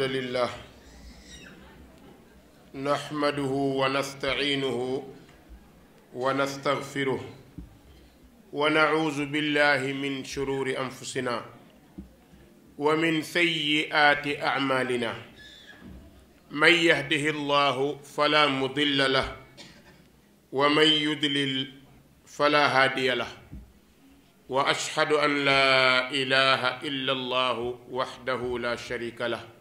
الحمد لله نحمده ونستعينه ونستغفره ونعوذ بالله من شرور أنفسنا ومن سيئات أعمالنا من يهده الله فلا مضل له ومن يضلل فلا هادي له واشهد ان لا اله الا الله وحده لا شريك له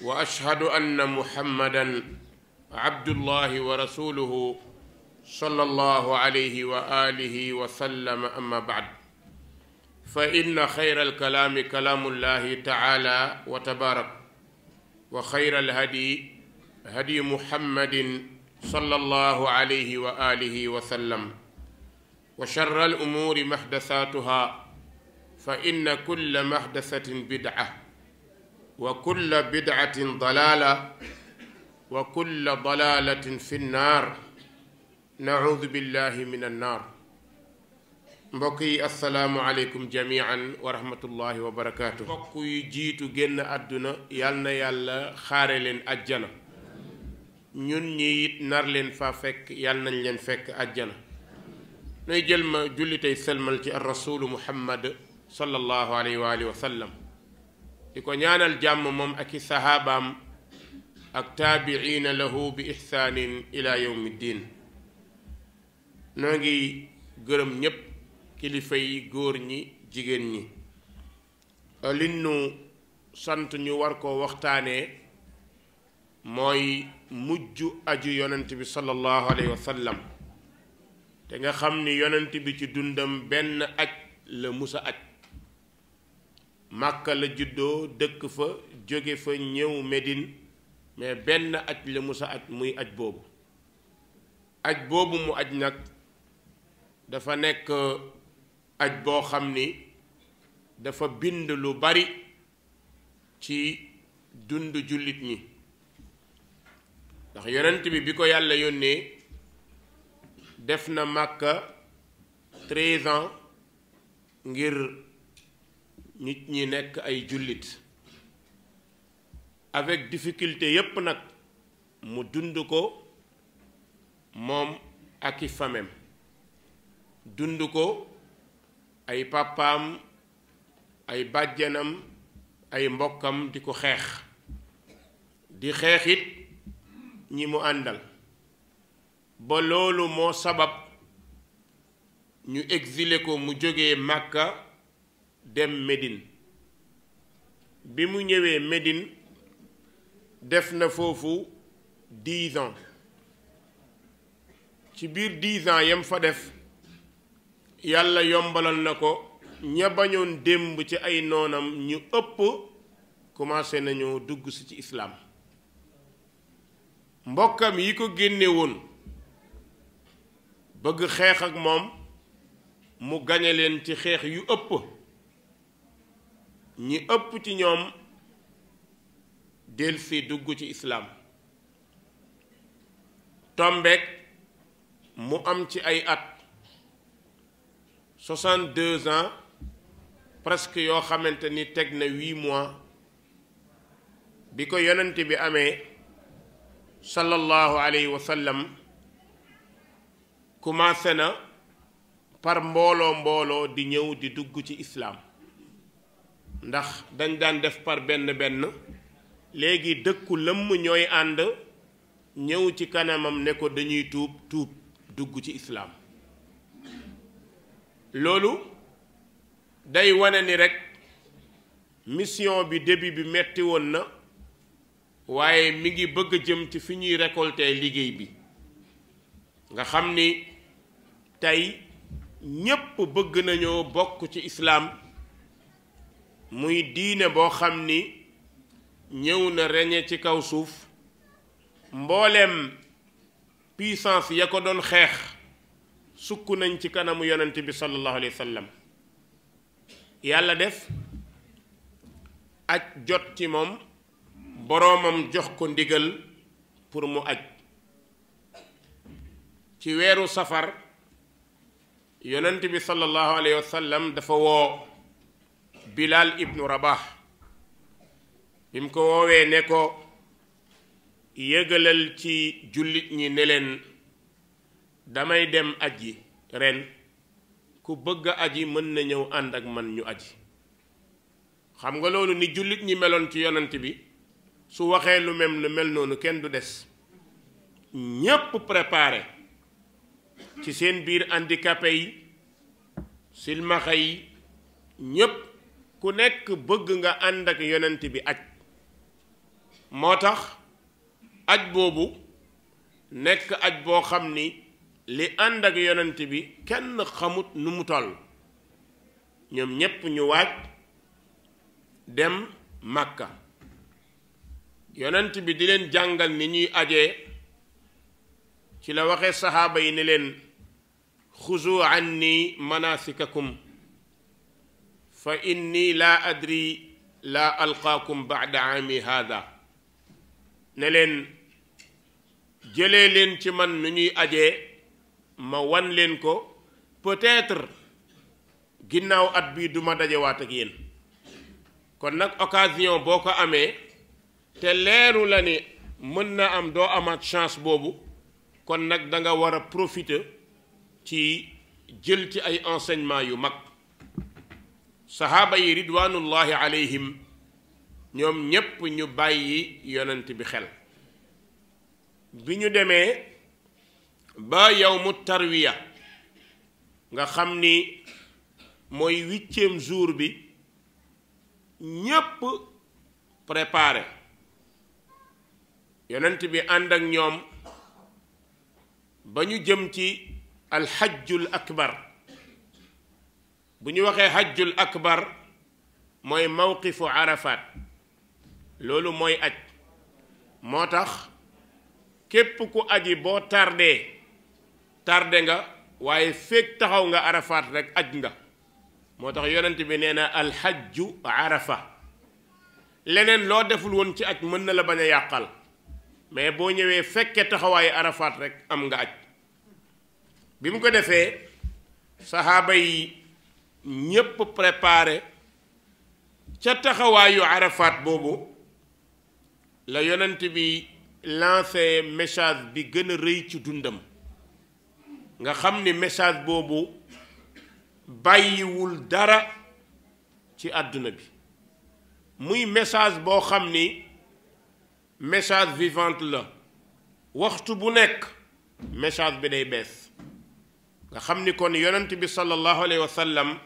wa ashhadu anna muhammadan abdullahi wa rasuluhu sallallahu alayhi wa alihi wa sallam amma baad fa inna xayra alkalaami kalaamullahi taala wa tabaarak wa xayra alhadi hadi muhammadin sallallahu alayhi wa alihi wa sallam wa sharra al umuuri mahdasaatuha fa inna kulla mahdasatin bid'a wa kulla bidaatin dalaala wa kulla dalaalatin fi nnaar naudu billahi min annaar mbokk yi asalaamualeykum jamian wa rahmatullahi wa barakaatu. mbokk yu jiitu génn àdduna yal na yàlla xaare leen àjjana ñun ñi it nar fekk yal nañ leen fekk àjjana nuy jël ma julli tey ci ar rasulu muhammad sallallahu alayhi wa wa sallam di ko ñaanal jàmm moom ak i sahaabaam ak taabiina lahu bi ihsaanin ila yawmi noo ngi gërëm ñépp kilifa yi góor ñi jigéen ñi lin nu sant ñu war ko waxtaanee mooy mujj aju yonent bi sallallahu alayhi wa te nga xam ni yonent bi ci dundam benn aj la musa aj màkka la juddoo dëkk fa jóge fa ñëw medin mais benn aj la musa aj muy aj boobu aj boobu mu aj nag dafa nekk aj boo xam ni dafa bind lu bari ci dund jullit ñi ndax yonent bi bi ko yàlla yónnee def na màkka treize ans ngir nit ñi nekk ay jullit avec difficulté yépp nag mu dund ko moom ak i famem dund ko ay pàppaam ay bàjjanam ay mbokkam di ko xeex di xeexit ñi mu àndal ba loolu moo sabab ñu exilé ko mu jóge Màkka dem Médine bi mu ñëwee medin def na foofu dix ci biir dix ans yam fa def yàlla yombalal na ko ña bañoon démb ci ay noonam ñu ëpp commencé nañoo dugg ci islaam mbokkam yi ko génnewoon woon bëgg xeex ak moom mu gañe leen ci xeex yu ëpp ñi ëpp ci ñoom del dugg ci islaam tombeek mu am ci ay at soixante-deux ans presque yoo xamante ni teg na huit mois bi ko yonent bi amee sallallahu alayhi wa sallam commencé na par mbooloo mbooloo di ñëw di dugg ci islaam ndax dañ daan def par benn benn léegi dëkku lëmm ñooy ànd ñëw ci kanamam ne ko dañuy tuub tuub dugg ci islaam loolu day wane ni rekk mission bi début bi metti woon na waaye mi ngi bëgg jëm ci fi ñuy récolter liggéey bi nga xam ni tey ñépp bëgg nañoo bokk ci islaam muy diine boo xam ni ñëw na reñe ci kaw suuf mbooleem puissance ya ko doon xeex sukk nañ ci kanamu yonent bi sallallahu alayhi wa yàlla def aj jot ci moom boroomam jox ko ndigal pour mu aj ci weeru safar yonent bi sallallahu alayhi wa dafa woo Bilal ibnu Rabah bi mu ko woowee ne ko yëgalal ci jullit ñi ne leen damay dem yi ren ku bëgg a yi mën na ñëw ànd ak man ñu aji xam nga loolu ni jullit ñi meloon ci yonant bi su waxee lu mem lu mel noonu kenn du des ñépp préparé ci seen biir handicapé yi silmaxa yi ñépp ku nekk bëgg nga ànd ak yonent bi aj moo tax aj boobu nekk aj boo xam ni li ànd ak yonent bi kenn xamut nu mu toll ñoom ñépp ñu waaj dem màkka yonent bi di leen jàngal ni ñuy ajee ci la waxee saxaaba yi ni leen xuzu anni manasikakum fa inni laa adri laa alqaakum baada aami haada ne leen jëlee leen ci man nu ñuy ajee ma wan leen ko peut ginnaaw at bii duma dajewaat ak yéen kon nag occasion boo ko amee te leeru la ni mën na am doo amaat chance boobu kon nag danga nga war a profiter ci jël ci ay enseignement yu mag sahaaba yi ridwanullahi alayhim ñoom ñépp ñu bàyyi yonent bi xel bi ñu demee ba yow mu tarwiya nga xam ni mooy huitième jour bi ñépp préparé yonent bi ànd ak ñoom ba ñu jëm ci alxajjul akbar bu ñu waxee hajjul akbar mooy mawqifu arafaat loolu mooy aj moo tax képp ku aji boo tàrdee tardé nga waaye fekk taxaw nga arafaat rek aj nga moo tax yonent bi nee na alxajju arafa leneen loo deful woon ci aj mën na la bañ a yàqal mais boo ñëwee fekkee taxawaayu arafaat rek am nga aj bi mu ko defee saxaaba yi ñépp préparé ca taxawaayu Arafat boobu la yonent bi lancé message bi gën a rëy ci dundam nga xam ni message boobu bàyyiwul dara ci àdduna bi muy message boo xam ni message vivant la waxtu bu nekk message bi day bees nga xam ni kon yonent bi sallallahu alayhi wa sallam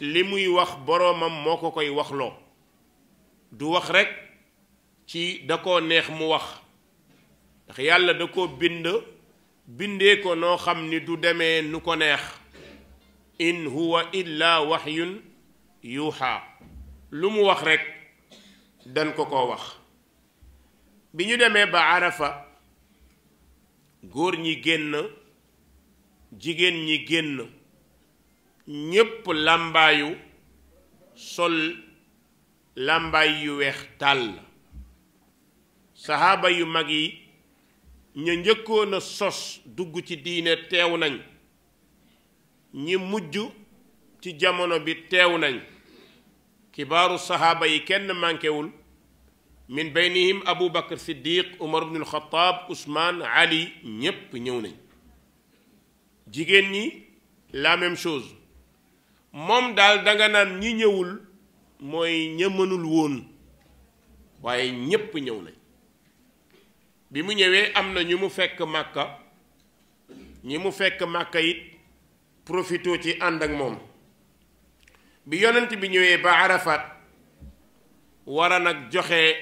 li muy wax boroomam moo ko koy waxloo du wax rekk ci da koo neex mu wax ndax yàlla da ko bind bindee ko noo xam ni du deme nu ko neex in huwa illa waxyun yuuxa lu mu wax rekk dañ ko ko wax bi ñu demee ba arafa góor ñi génn jigéen ñi génn ñépp làmbaayu sol làmbaay yu weex tàll saxaaba yu mag yi ña njëkkoon a sos dugg ci diine teew nañ ñi mujj ci jamono bi teew nañ kibaaru saxaaba yi kenn mànkewul min baynihim abu bakar siddiq umar bnul xataab usmaan ali ñépp ñëw nañ jigéen ñi la même chose moom daal danga naan ñi ñëwul mooy ña woon waaye ñépp ñëw nañ bi mu ñëwee am na ñu mu fekk màkka ñi mu fekk màkka it profito ci ànd ak moom bi yonent bi ñëwee ba arafat war a nag joxe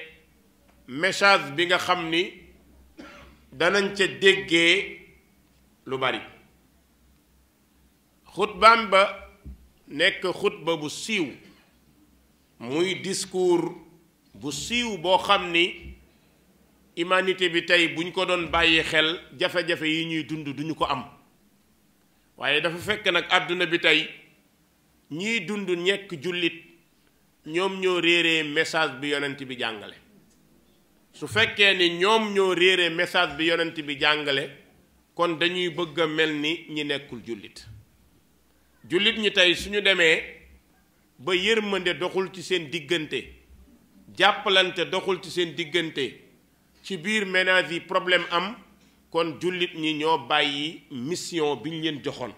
message bi nga xam ni danañ ca déggee lu bari xutbaam ba nekk xutba bu siiw muy discours bu siiw boo xam ni humanité bi tey bu ñu ko doon bàyyi xel jafe-jafe yi ñuy dund duñu ko am waaye dafa fekk nag àdduna bi tey ñiy dund ñekk jullit ñoom ñoo réeree message bi yonent bi jàngale su fekkee ni ñoom ñoo réere message bi yonent bi jàngale kon dañuy bëgg a mel ni ñi nekkul jullit jullit ñi tey suñu demee ba yërmande doxul ci seen diggante jàppalante doxul ci seen diggante ci biir ménage yi problème am kon jullit ñi ñoo bàyyi mission bi ñu leen joxoon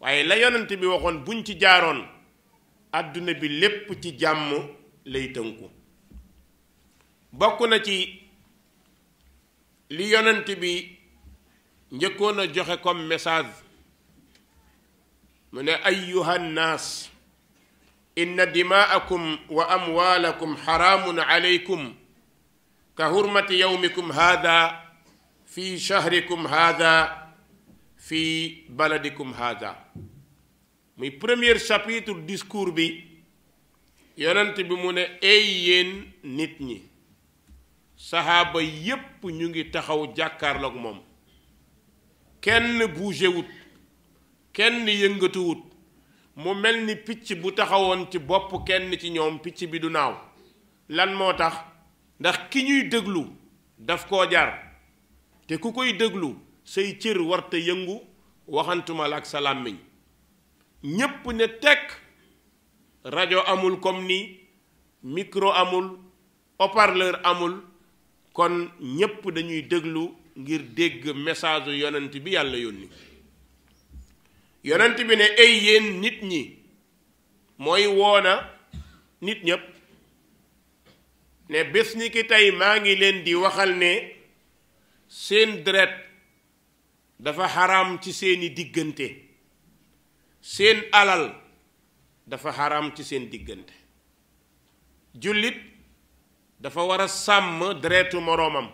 waaye la yonant bi waxoon buñ ci jaaroon àdduna bi lépp ci jàmm lay tënku bokk na ci li yonant bi njëkkoon a joxe comme message mu ne ayuha nnaas inna dimaakum wa amwaalakum xaraamun aleykum ka hurmati yowmikum haada fi shahrikum haada fi baladikum haada muy premier chapitre discours bi yonent bi mu ne ay yéen nit ñi saxaaba yépp ñu ngi taxaw jàkkaarloog moom kenn bougé kenn yëngatuwut mu mel ni picc bu taxawoon ci bopp kenn ci ñoom picc bi du naaw lan moo tax ndax ki ñuy déglu daf koo jar te ku koy déglu say cër warte yëngu waxantumal ak sa làmmiñ ñépp ne tekk rajo amul comme nii micro amul haut amul kon ñépp dañuy déglu ngir dégg message yonent bi yàlla yónni yonent bi ne ay yéen nit ñi mooy woona nit ñépp ne bés ni ki tey maa ngi leen di waxal ne seen deret dafa xaraam ci seeni diggante seen alal dafa xaraam ci seen diggante jullit dafa war a sàmm deretu moroomam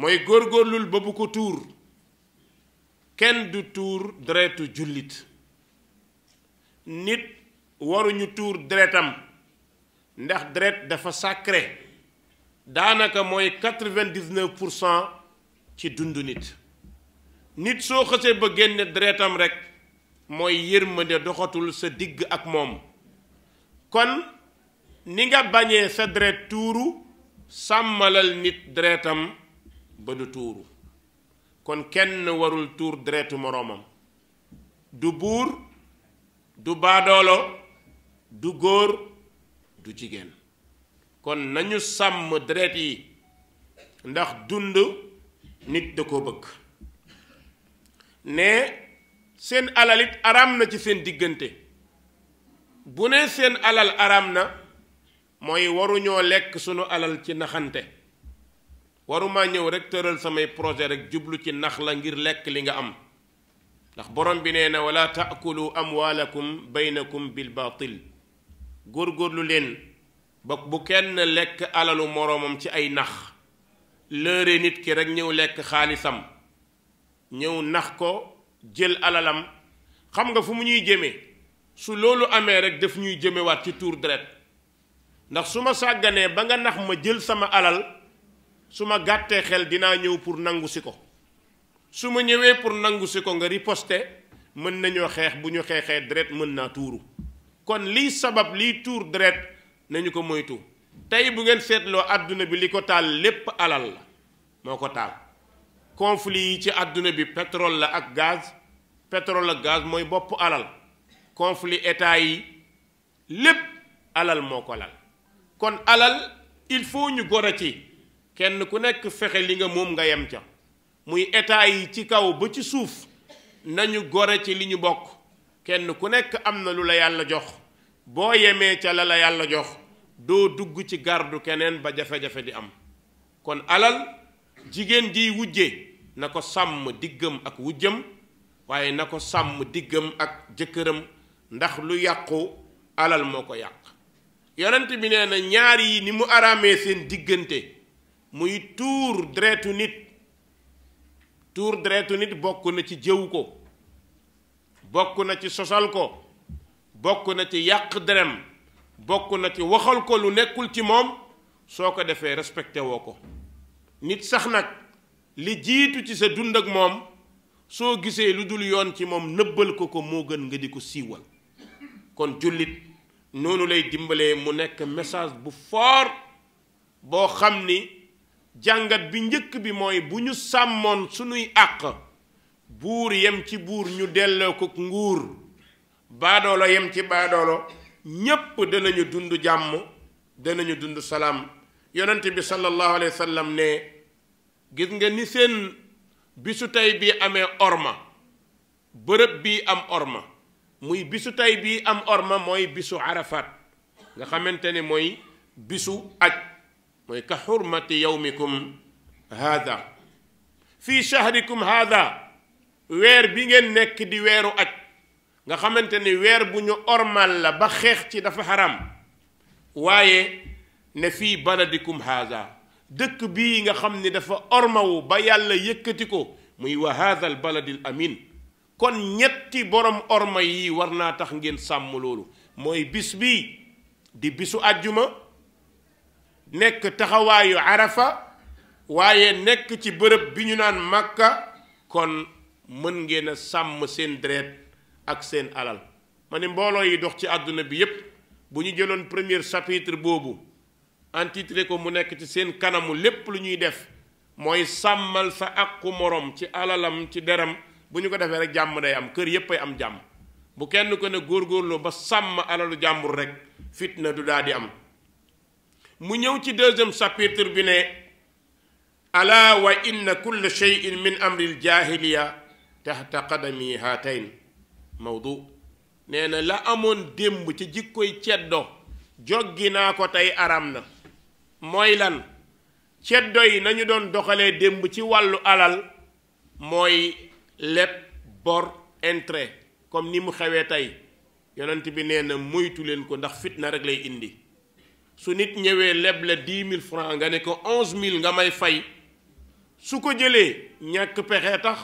mooy góorgóorlul ba bu ko tuur kenn du tuur deretu jullit nit waruñu tuur deretam ndax deret dafa sacré daanaka mooy quatre vingt pour cent ci dund nit nit soo xësee ba génne deretam rekk mooy yërmande doxatul sa digg ak moom kon ni nga bañee sa deret tuuru sàmmalal nit deretam ba du tuuru kon kenn warul tuur deretu moroomam du buur du baadoolo du góor du jigéen kon nañu sàmm deret yi ndax dund nit da ko bëgg ne seen alal araam na ci seen diggante bu ne seen alal araam na mooy waruñoo lekk sunu alal ci naxante warumaa ñëw rek tëral samay projet rek jublu ci nax la ngir lekk li nga am ndax borom bi nee na wala taakulu amwaalakum baynakum bil baatil góorlu leen ba bu kenn lekk alalu moroomam ci ay nax lëre nit ki rek ñëw lekk xaalisam ñëw nax ko jël alalam xam nga fu mu ñuy jëmee su loolu amee rek daf ñuy jëmewaat ci tuur deret ndax su ma sàgganee ba nga nax ma jël sama alal su ma gàttee xel dinaa ñëw pour nangu si ko su ma ñëwee pour nangu si ko nga riposte mën nañoo xeex bu ñu xeexee deret mën naa tuuru kon liy sabab liy tuur deret nañu ko moytu tey bu ngeen seetloo àdduna bi li ko taal lépp alal la moo ko taal conflit yi ci àdduna bi pétrole la ak gaz pétrole ak gaz mooy bopp alal conflit état yi lépp alal moo ko lal kon alal il faut ñu gor a ci kenn ku nekk fexe li nga moom nga yem ca muy état yi ci kaw ba ci suuf nañu gore ci li ñu bokk kenn ku nekk am na lu la yàlla jox boo yemee ca la la yàlla jox doo dugg ci gàrdu keneen ba jafe-jafe di am kon alal jigéen jiy wujje na ko sàmm diggam ak wujjam waaye na ko sàmm diggam ak jëkkëram ndax lu yàqu alal moo ko yàq yonent bi nee ñaar yi ni mu araamee seen diggante muy tuur deretu nit tuur deretu nit bokk na ci jëw ko bokk na ci sosal ko bokk na ci yàq derem bokk na ci waxal ko lu nekkul ci moom soo ko defee respecté woo ko nit sax nag li jiitu ci sa dund ak moom soo gisee lu dul yoon ci moom nëbbal ko ko moo gën nga di ko siiwal kon jullit noonu lay dimbalee mu nekk message bu fort boo xam ni jàngat bi njëkk bi mooy bu ñu sàmmoon sunuy àq buur yem ci buur ñu delloo ko nguur baadoolo yem ci baadoolo ñépp danañu dund jàmm danañu dund salaam yonent bi sallallahu alayhi wa ne gis nga ni seen bisu tey bii amee orma bërëb bii am orma muy bisu tey bii am orma mooy bisu arafat nga xamante ni mooy bisu aj mooy ka xurmati yawmikum haada fii shahrikum haada weer bi ngeen nekk di weeru aj nga xamante ni weer bu ñu ormal la ba xeex ci dafa xaram waaye ne fi baladikum haada dëkk bii nga xam ni dafa ormawu ba yàlla yëkkati ko muy wa haada al baladil amin kon ñetti borom orma yi war naa tax ngeen sàmm loolu mooy bis bii di bisu àjjuma nekk taxawaayu arafa waaye nekk ci bërëb bi ñu naan màkka kon mën ngeen a sàmm seen dret ak seen alal ma ne mbooloo yi dox ci àdduna bi yépp bu ñu jëloon première chapitre boobu entitré ko mu nekk ci seen kanamu lépp lu ñuy def mooy sàmmal sa àqu moroom ci alalam ci deram bu ñu ko defee rek jàmm day am kër yépp ay am jàmm bu kenn ko ne góorgóorloo ba sàmm alalu jàmbur rek fitna du daal di am mu ñëw ci deuxième chapitre bi ne ala wa inna kulla cheyin min amril jahiliya taxta qadami haatayn mawdu nee na la amoon démb ci jikkoy ceddo joggi naa ko tey aram na mooy lan ceddo yi nañu doon doxalee démb ci wàllu alal mooy leb bor intérêt comme ni mu xewee tey yonent bi nee na moytu leen ko ndax fitna rek lay indi su nit ñëwee leble dix mille francs nga ne ko onze mille nga may fay su ko jëlee ñàkk pexee tax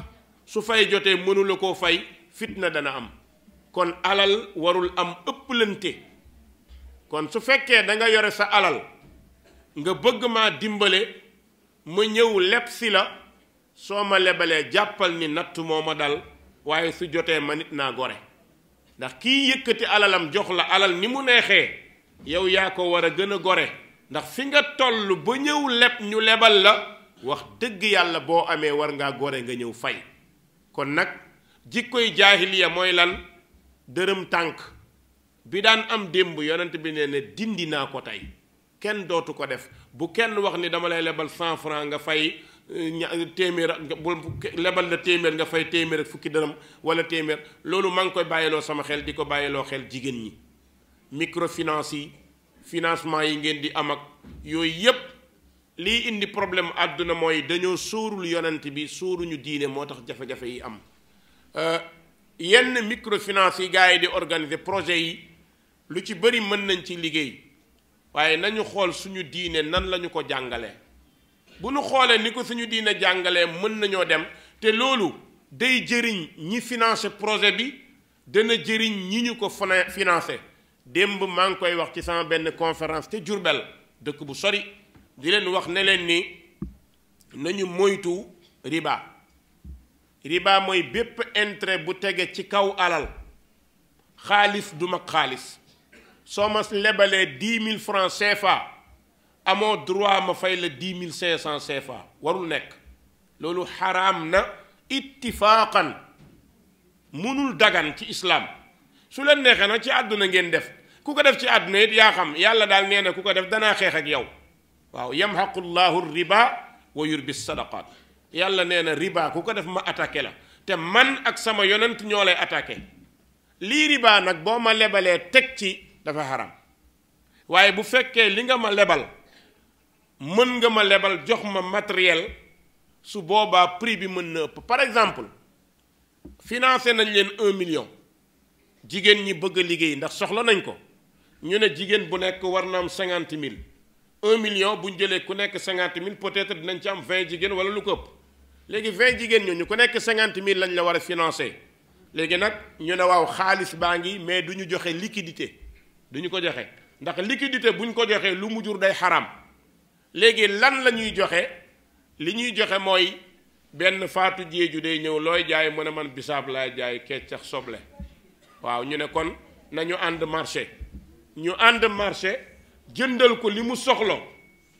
su fay jotee mënula koo fay fitna dana am kon alal warul am ëpplante kon su fekkee da nga yore sa alal nga bëgg maa dimbale ma ñëw leb si la soo ma lebalee jàppal ni natt moo ma dal waaye su jotee ma nit naa gore ndax kiy yëkkati alalam jox la alal ni mu neexee yow yaa ko war a gën a gore ndax fi nga toll ba ñëw leb ñu lebal la wax dëgg yàlla boo amee war ngaa gore nga ñëw fay kon nag jikkoy jaahiliya mooy lan dërëm tànk bi daan am démb yonent bi ne ne dindi naa ko tey kenn dootu ko def bu kenn wax ni dama lay lebal cent franc nga fay eh, téeméer bu lebal na téeméer nga fay téeméer ak fukki dërëm wala téeméer loolu maa ngi koy bàyyiloo sama xel di ko bàyyiloo xel jigéen ñi microfinance yi financement yi ngeen di am ak yooyu yépp lii indi problème àdduna mooy dañoo sóorul yonent bi sóoruñu diine moo tax jafe-jafe yi am euh, yenn microfinance yi gars yi di organiser projet yi lu ci bëri mën nañ ci liggéey waaye nañu xool suñu diine nan lañu ko jàngalee bu nu xoolee ni ko suñu diine jàngalee mën nañoo dem te loolu day jëriñ ñi financer projet bi dana jëriñ ñi ñu ko financé démb maa ngi koy wax ci sama benn conférence te Jurbel dëkk bu sori di leen wax ne leen ni nañu moytu riba riba mooy bépp intérêt bu tege ci kaw alal xaalis du mag xaalis soo ma lebalee dix mille francs CFA amoo droit ma fay la dix mille cinq cent CFA warul nekk loolu xaraam na ittifaaqan mënul dagan ci islaam su leen neexee na ci àdduna ngeen def ku ko def ci àdduna it yaa xam yàlla daal nee ku ko def danaa xeex ak yow waaw yamhaqu llahu riba wa yurbi sadaqaat yàlla nee na riba ku ko def ma attaqué la te man ak sama yonent ñoo lay attaqué lii riba nag boo ma lebalee teg ci dafa xaram waaye bu fekkee li nga ma lebal mën nga ma lebal jox ma matériel su boobaa prix bi mën na ëpp par exemple financé nañ leen un million jigéen ñi bëgg a liggéey ndax soxla nañ ko ñu ne jigéen bu nekk war na am cinquante mille un million bu ñu jëlee ku nekk cinquante mille peut-être dinañ ci am vingt jigéen wala lu ko ëpp léegi vingt jigéen ñu ko nekk cinquante mille lañ la war a financer léegi nag ñu ne waaw xaalis baa ngi mais du ñu joxe liquidité du ñu ko joxe ndax liquidité bu ñu ko joxee lu mu jur day xaram léegi lan la ñuy joxe li ñuy joxe mooy benn faatu jéeju day ñëw looy jaay mu ne man bisaab laay jaay keccax soble waaw ñu ne kon nañu ànd marché. ñu ànd marché jëndal ko li mu soxla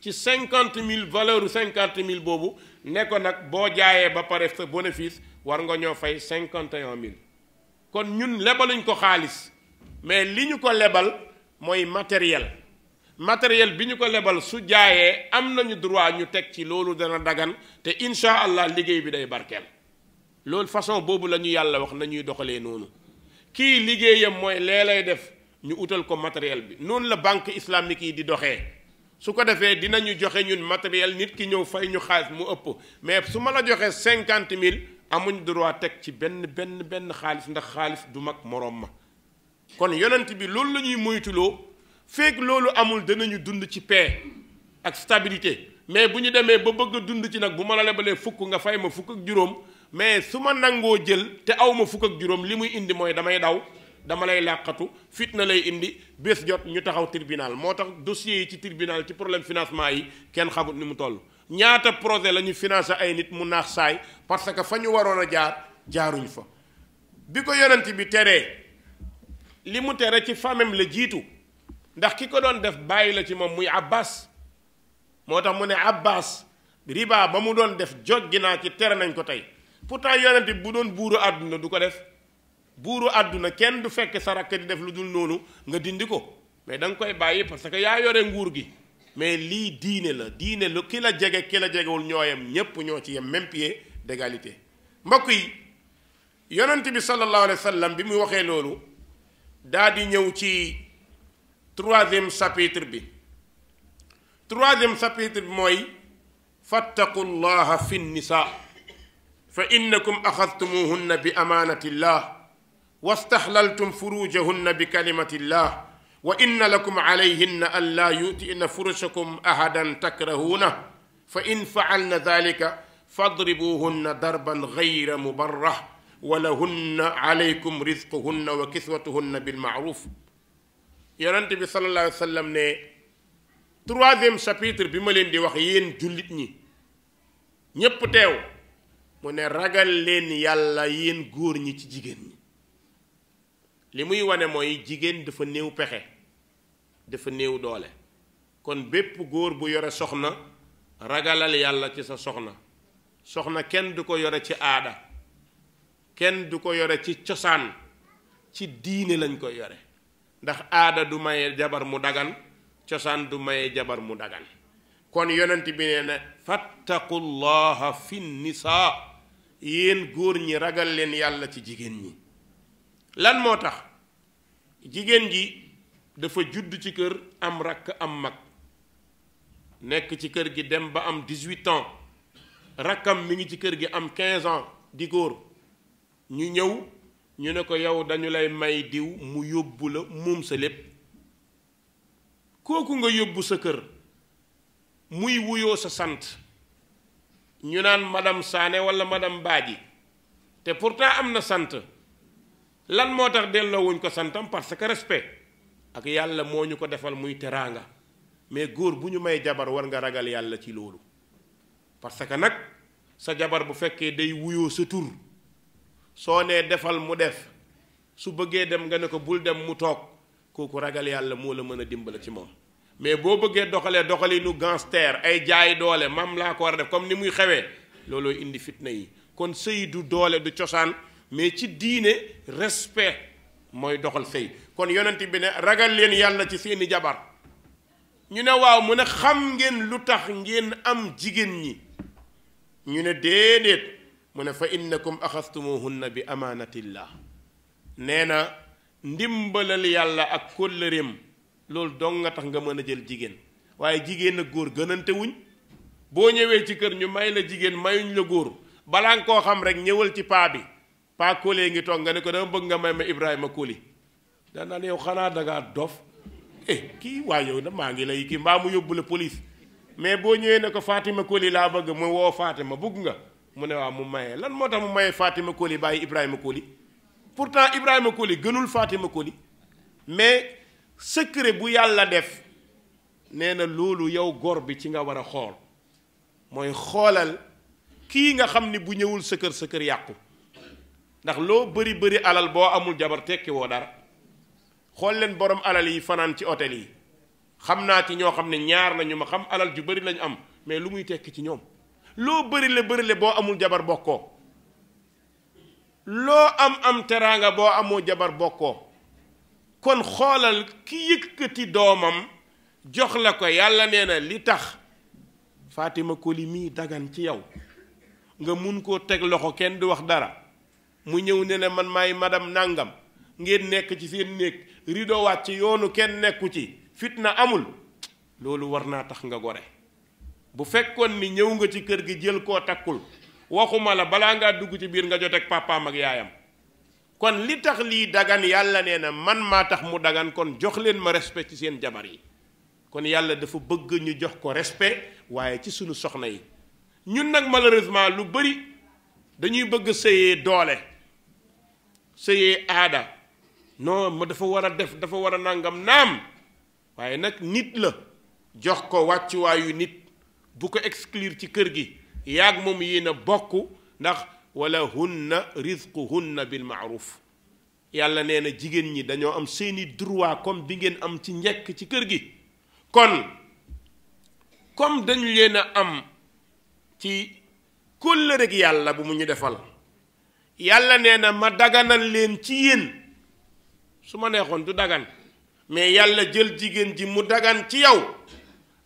ci cinquante mille valeur cinquante mille boobu ne nag boo jaayee ba pare sa bénéfice war nga ñoo fay cinquante et un mille kon ñun lebaluñ ko xaalis mais li ñu ko lebal mooy matériel matériel bi ñu ko lebal su jaayee am nañu droit ñu teg ci loolu dana dagan te incha allah liggéey bi day barkeel loolu façon boobu la ñu yàlla wax nañuy doxalee noonu kii liggéeyam mooy lee lay def ñu utal ko matériel bi noonu la banque islamique yi di doxee su ko defee dina ñu joxe ñun matériel nit ki ñëw fay ñu xaalis mu ëpp mais su ma la joxee cinquante mille amuñ droit teg ci benn benn benn xaalis ndax xaalis du mag moroom ma kon yonent bi loolu la ñuy moytuloo feeg loolu amul danañu dund ci paix ak stabilité mais bu ñu demee ba bëgg a dund ci nag bu ma la lebalee fukk nga fay ma fukk ak juróom mais su ma nangoo jël te aw ma fukk ak juróom li muy indi mooy damay daw dama lay làqatu fitna lay indi bés jot ñu taxaw tribunal moo tax dossiers yi ci tribunal ci problème financement yi kenn xamut ni mu toll ñaata projet la ñu financé ay nit mu naax saay parce que fa ñu waroon a jaar jaaruñ fa bi ko yonent bi teree li mu tere ci famem la jiitu ndax ki ko doon def bàyyi la ci moom muy abbas moo tax mu ne abbas riba ba mu doon def jot gi naa ci tere nañ ko tey pourtant yonent bi bu doon buuru àdduna du ko def buuru àdduna kenn du fekk sa rakk di def lu dul noonu nga dindi ko mais da nga koy bàyyi parce que yaa yore nguur gi mais lii diine la diine lu ki la jege ki la jegewul ñoo yam ñépp ñoo ci yem même pied d'égalité mbokk yi yonant bi sallallahu alayhi wa sallam bi mu waxee loolu daa di ñëw ci troisième chapitre bi troisième chapitre bi mooy fattaqu llaha fi nnisaa fa innakum axadtumuhunna bi amaanatillah wastaxlaltum furujahunna bi kalimatillah wa inna lakum alayhinna an laa yuti'na furushakum ahadan takrahuuna fa in faalna dalika fadribuhunna darban gayra mubarrah wa lahunna alaykum rizquhunna wa kiswatuhunna bilmaaruf yonent bi sallallahu wa sallam bi ma di wax yéen jullit ñi ñépp teew mu ne ragal leen yàlla yéen góor ñi ci jigéen li muy wane mooy jigéen dafa néew pexe dafa néew doole kon bépp góor bu yore soxna ragalal yàlla ci sa soxna soxna kenn du ko yore ci aada kenn du ko yore ci cosaan ci diine lañ koy yore ndax aada du maye jabar mu dagan cosaan du maye jabar mu dagan kon yonent bi nee na fattaqullaha fi nisaa yéen góor ñi ragal leen yàlla ci jigéen ñi lan moo tax jigéen ji dafa judd ci kër am rakk am mag nekk ci kër gi dem ba am dix-huit ans rakkam mi ngi ci kër gi am quinze ans di góor ñu ñëw ñu ne ko yow dañu lay may diw mu yóbbu la moom sa lépp kooku nga yóbbu sa kër muy wuyoo sa sant ñu naan madame Sané wala madame Badji te pourtant am na sant lan moo tax delloo wuñ ko santam parce que respect ak yàlla moo ñu ko defal muy teraanga mais góor bu ñu may jabar war nga ragal yàlla ci loolu parce que nag sa jabar bu fekkee day wuyoo sa tur soo nee defal mu def su bëggee dem nga ne ko bul dem mu toog kooku ragal yàlla moo la mën a dimbale ci moom mais boo bëggee doxalee doxalinu gangster ay jaay doole mam laa ko war a def comme ni muy xewee looloo indi fitna yi kon sëy du doole du cosaan mais ci diine respe mooy doxal sëy kon yonent bi ne ragal leen yàlla ci seeni jabar ñu ne waaw mu ne xam ngeen lu tax ngeen am jigéen ñi ñu ne déedéet mu ne fa innakum axastumuhunna bi amaanatillah nee na ndimbalal yàlla ak kóllëreem loolu dong nga tax nga mën a jël jigéen waaye jigéen ak góor gënantewuñ boo ñëwee ci kër ñu may la jigéen mayuñ la góor balaa nga koo xam rek ñëwal ci paa bi paa Kóole ngi toog nga ne ko dama bëgg nga may ma Ibrahima Kóoli daan naan yow xanaa dangaa dof eh, kii waa yow na maa ngi lay kii mbaa mu yóbbu la police mais boo ñëwee ne ko Fatima Kóoli laa bëgg mu woo faate ma bugg nga mu ne waaw mu mayee lan moo tax mu mayee Fatima Kóoli bàyyi Ibrahima Kóoli pourtant Ibrahima Kóoli gënul Fatima Kóoli mais secret bu yàlla def nee na loolu yow góor bi ci nga war a xool mooy xoolal kii nga xam ni bu ñëwul sa kër sa kër yàqu ndax loo bari bëri alal boo amul jabar tekki woo dara xool leen borom alal yi fanaan ci hôtel yi xam naa ci ñoo xam ne ñaar lañu ma xam alal ju bari lañu am mais lu muy tekki ci ñoom loo bari le bëri le boo amul jabar bokkoo loo am am teraanga boo amoo jabar bokkoo kon xoolal ki yëkkati doomam jox la ko yàlla nee na li tax ko li mii dagan ci yow nga mun koo teg loxo kenn du wax dara mu ñëw ne ne man maay madam nangam ngeen nekk ci seen néeg rido wàcc yoonu kenn nekku ci fitna amul loolu war naa tax nga gore bu fekkoon ni ñëw nga ci kër gi jël koo takkul waxuma la balaa ngaa dugg ci biir nga joteeg papaam ak yaayam kon li tax lii dagan yàlla nee na man maa tax mu dagan kon jox leen ma respe ci seen jabar yi kon yàlla dafa bëgg ñu jox ko respect waaye ci sunu soxna yi ñun nag malheureusement lu bari dañuy bëgg sëyee doole sëyee aada non ma dafa war a def dafa war a nangam naam waaye nag nit la jox ko wàccuwaayu nit bu ko exclure ci kër gi yaag moom yéen a bokk ndax walla wala hunna rizquhunna bil maaruf yàlla nee na jigéen ñi dañoo am seeni droit comme bi ngeen am ci njekk ci kër gi kon comme dañu leen a am ci kóllëre gi yàlla bu mu ñu defal yàlla nee na ma daganal leen ci yéen su ma neexoon du dagan mais yàlla jël jigéen ji mu dagan ci yow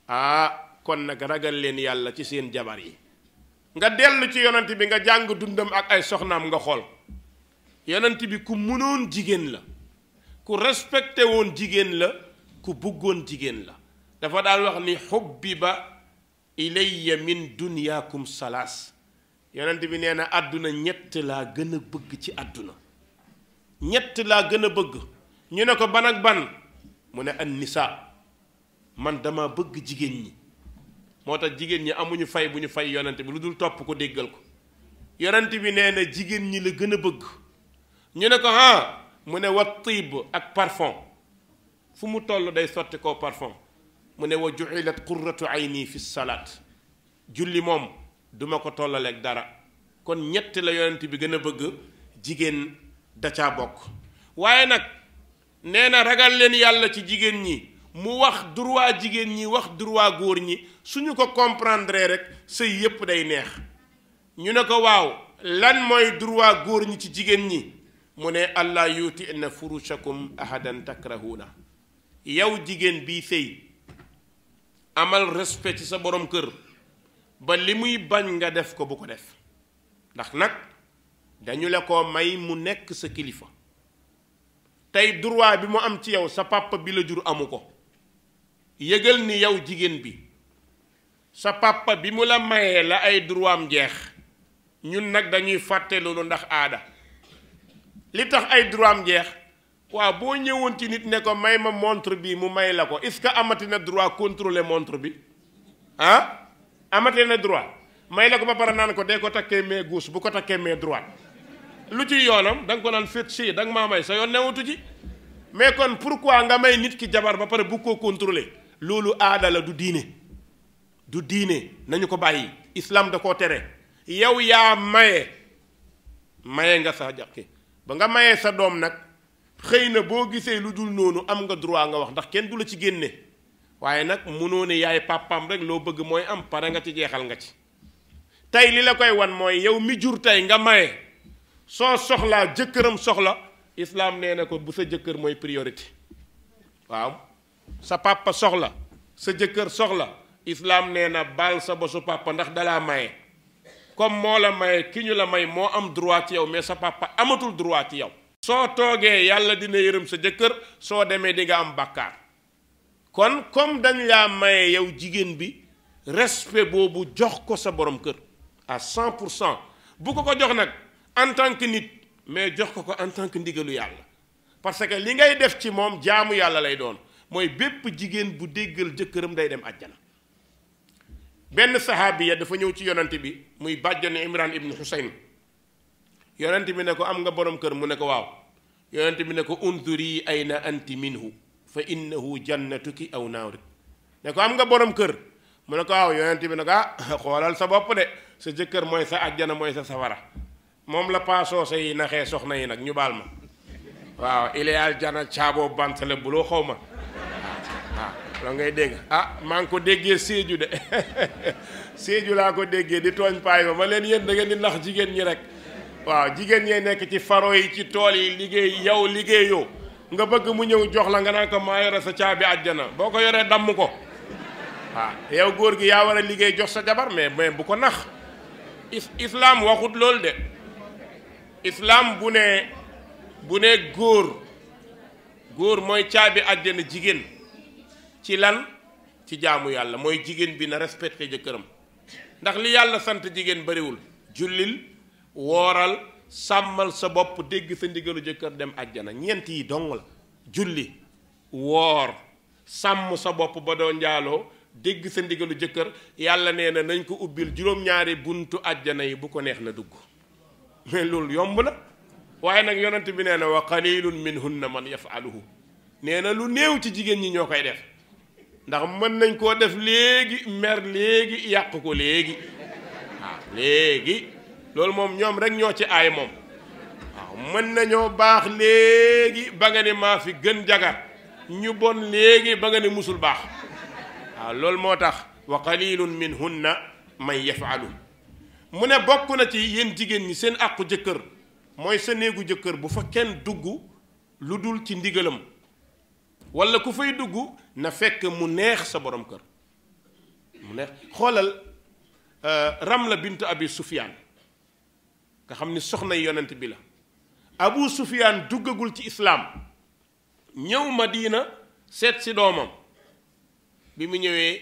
ah kon nag ragal leen yàlla ci seen jabar yi nga dellu ci yonant bi nga jàng dundam ak ay soxnaam nga xool yonent bi ku mënoon jigéen la ku respecté woon jigéen la ku bëggoon jigéen la dafa daal wax ni xubbiba ilayya min dunyaakum salaas yonent bi nee na àdduna ñett laa gën a bëgg ci àdduna ñett laa gën a bëgg ñu ne ko ban ak ban mu ne an nisa man dama bëgg jigéen ñi moo tax jigéen ñi amuñu fay bu ñu fay yonent bi lu dul topp ko déggal ko yonent bi nee na jigéen ñi la gën a bëgg ñu ne ko ah mu ne wa tiib ak parfum fu mu toll day sotti koo parfum mu ne wa juxilat qurratu ayni fi salaat julli moom duma ko tollaleek dara kon ñett la yonent bi gën a bëgg jigéen da caa bokk waaye nag nee na ragal leen yàlla ci jigéen ñi mu wax droit jigéen ñi wax droit góor ñi suñu ko comprendre rek sëy yépp day neex ñu ne ko waaw lan mooy droit góor ñi ci jigéen ñi mu ne allah yuuti furu furushakum ahadan takrahuna yow jigéen bii sëy amal respect ci sa borom kër ba li muy bañ nga def ko bu ko def ndax nag dañu la ko may mu nekk sa kilifa tey droit bi mu am ci yow sa papa bi la jur amu ko yëgal ni yow jigéen bi sa papa bi mu la mayee la ay droit am jeex ñun nag dañuy fàtte loolu ndax aada li tax ay droit am jeex waaw boo ñëwoon ci nit ne ko may ma montre bi mu may la ko est-ce que amati na droit contrôler montre bi ah amatee na droit may la ko ba pare naan ko dee ko takkee main gauche bu ko takkee main droite lu ci yoonam da nga ko naan féet si da may sa yoon newutu ci mais kon pour pourquoi nga may nit ki jabar ba pare bu koo contrôler loolu aadala du diine du diine nañu ko bàyyi islam da koo tere yow yaa maye maye nga sa jàkki ba nga mayee sa doom nag xëy na boo gisee lu dul noonu am nga droit nga wax ndax kenn du la ci génne waaye nag munoo ne yaay pàppam rek loo bëgg mooy am pare nga ci jeexal nga ci tey li la koy wan mooy yow mi jur tey nga maye soo soxlaa jëkkëram soxla islaam nee na ko bu sa jëkkër mooy priorité waaw sa papa soxla sa jëkkër soxla islaam nee na baal sa bosu papa ndax dalaa maye comme moo la maye ki ñu la may moo am droit ci yow mais sa papa amatul droit ci yow soo toogee yàlla dina yërëm sa jëkkër soo demee di am bàkkaar kon comme dañu laa maye yow jigéen bi respect boobu jox ko sa borom kër à cent pour cent bu ko ko jox nag en tant que nit mais jox ko ko en tant que ndigalu yàlla parce que li ngay def ci moom jaamu yàlla lay doon mooy bépp jigéen bu déggal jëkkëram day dem àjjana benn sahaabiya dafa ñëw ci yonante bi muy bàjjanu imran ibn husayn yonante bi ne ko am nga borom kër mu ne ko waaw yonante bi ne ko unduri na anti minhu fa innahu jannatuki aw naaru ne ko am nga boroom kër mu ne ko waaw yonent bi ne ah xoolal sa bopp de sa jëkkër mooy sa àjjana mooy sa sawara moom la paasoo sa yi naxee soxna yi nag ñu baal ma waaw ile aljana caaboo bantale buloo xaw ma waaw ngay dégg ah maa ngi ko déggee séeju de séeju laa ko déggee di tooñ paay ba ma leen yéen da di nax jigéen ñi rek waaw jigéen ñee nekk ci faro yi ci tool yi liggéey yow liggéeyoo nga bëgg mu ñëw jox la nga naan ko maa yore sa caabi àjjana boo ko yoree damm ko waaw yow góor gi yaa war a liggéey jox sa jabar mais mais bu ko nax is islaam waxut loolu de islaam bu ne bu ne góor góor mooy caabi àjjana jigéen ci lan ci jaamu yàlla mooy jigéen bi na respecté jëkkëram ndax li yàlla sant jigéen bariwul jullil wooral sàmmal sa bopp dégg sa ndigalu jëkkër dem àjjana ñeent yi dong la julli woor sàmm sa bopp ba doo njaaloo dégg sa ndigalu jëkkër yàlla nee na nañ ko ubbil juróom-ñaari buntu àjjana yi bu ko neex na dugg mais loolu yomb na waaye nag yonent bi nee na wa qalilun na man yafaluhu nee na lu néew ci jigéen ñi ñoo koy def ndax mën nañ koo def léegi mer léegi yàq ko léegi waaw léegi loolu moom ñoom rek ñoo ci aay moom waaw mën nañoo baax léegi ba nga ne maa fi gën jagar ñu bon léegi ba nga ne musul baax waaw loolu moo tax wa qalilun min hunna man yafalu mu ne bokk na ci yéen jigéen ñi seen àqu jëkkër mooy sa néegu jëkkër bu fa kenn dugg lu dul ci ndigalam walla ku fay dugg na fekk mu neex sa borom kër mu neex xoolal euh, Ramla bint Abi Sufyaan nga xam ni soxna yonant bi la abu sufiyaan duggagul ci islaam ñëw madina seet si doomam bi mu ñëwee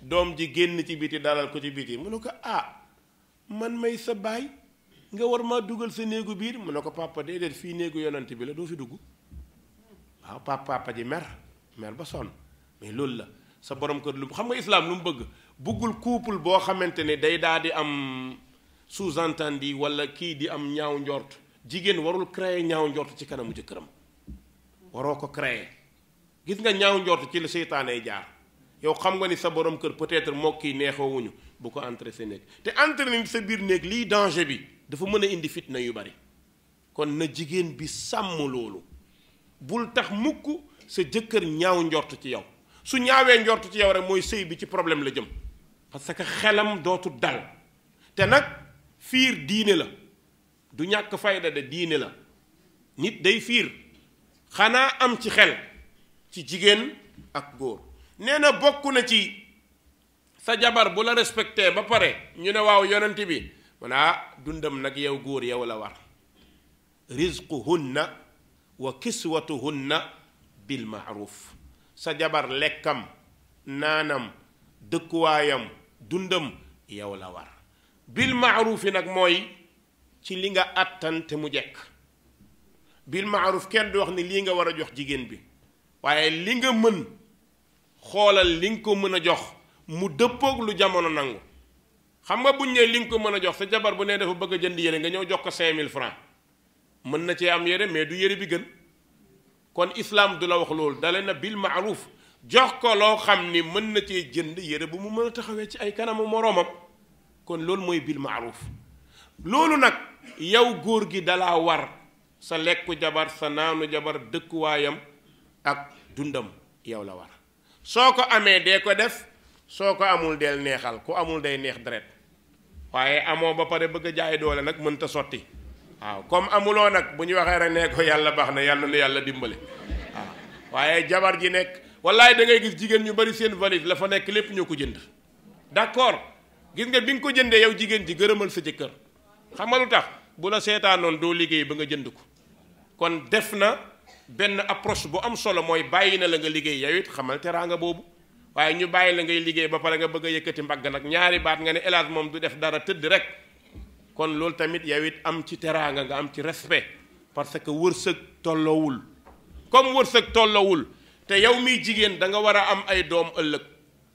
doom ji génn ci biti dalal ko ci biti mu ne ko ah man may sa baay nga war maa dugal sa néegu biir mu ne ko papa déedéet fii néegu yonant bi la doo fi dugg waaw papa papa ji mer mer ba sonn mais loolu la sa borom kër lu xam nga islaam lu mu bëgg bëggul couple boo xamante ni day daal di am sous-entendu wala kii di am ñaaw njort jigéen warul créer ñaaw njort ci kanamu jëkkëram waroo ko créer gis nga ñaaw njort ci la seytaane jaar yow xam nga ni sa borom kër peut-être moo kii neexoowuñu bu ko entrer sa néeg te entrer nañ sa biir néeg lii danger bi dafa mën a indi fitna yu bari kon na jigéen bi sàmm loolu bul tax mukk sa jëkkër ñaaw njort ci yow su ñaawee njort ci yow rek mooy sëy bi ci problème la jëm parce que xelam dootul dal nag fiir diine la du ñàkk fayda de diine la nit day fiir xanaa am ci xel ci jigéen ak góor nee na bokk na ci sa jabar bu la respecté ba pare ñu ne waaw yonent bi mu ne ah dundam nag yow góor yow la war na wa na bil ma'ruf sa jabar lekkam naanam dëkkuwaayam dundam yow la war bil maaruuf yi nag mooy ci li nga àttan te mu jekk bil maaruuf kenn du wax ni lii nga war a jox jigéen bi waaye li nga mën xoolal li nga ko mën a jox mu dëppook lu jamono nangu xam nga buñ ne li nga ko mën a jox sa jabar bu ne dafa bëgg a jënd yére nga ñëw jox ko 5000 francs mën na cee am yére mais du yére bi gën kon islaam du la wax loolu dale na bil maaruuf jox ko loo xam ni mën na cee jënd yére bu mu mën a taxawee ci ay kanamu moroomam kon loolu mooy bil maaruf loolu nag yow góor gi dalaa war sa lekku jabar sa naanu jabar dëkkuwaayam ak dundam yow la war soo ko amee dee ko def soo ko amul del neexal ku amul day neex deret waaye amoo ba pare bëgg a jaay doole nag mënta sotti waaw comme amuloo nag bu ñu waxee rek nee ko yàlla baax na yàlla na yàlla dimbale waaw waaye jabar ji nekk wallaay da ngay gis jigéen ñu bari seen valise la fa nekk lépp ñoo ko jënd d'accord gis nga bi nga ko jëndee yow jigéen ji gërëmal sa jëkkër xam nga lu tax bu la seetaanoon doo liggéey ba nga jënd ko kon def na benn approche bu am solo mooy bàyyi na la nga liggéey yow it xamal teraanga boobu waaye ñu bàyyi la ngay liggéey ba pare nga bëgg a yëkkati mbagg nag ñaari baat nga ne hélas moom du def dara tëdd rek kon loolu tamit yow it am ci teraanga nga am ci respect parce que wërsëg tolloowul comme wërsëg tolloowul te yow miy jigéen da nga a am ay doom ëllëg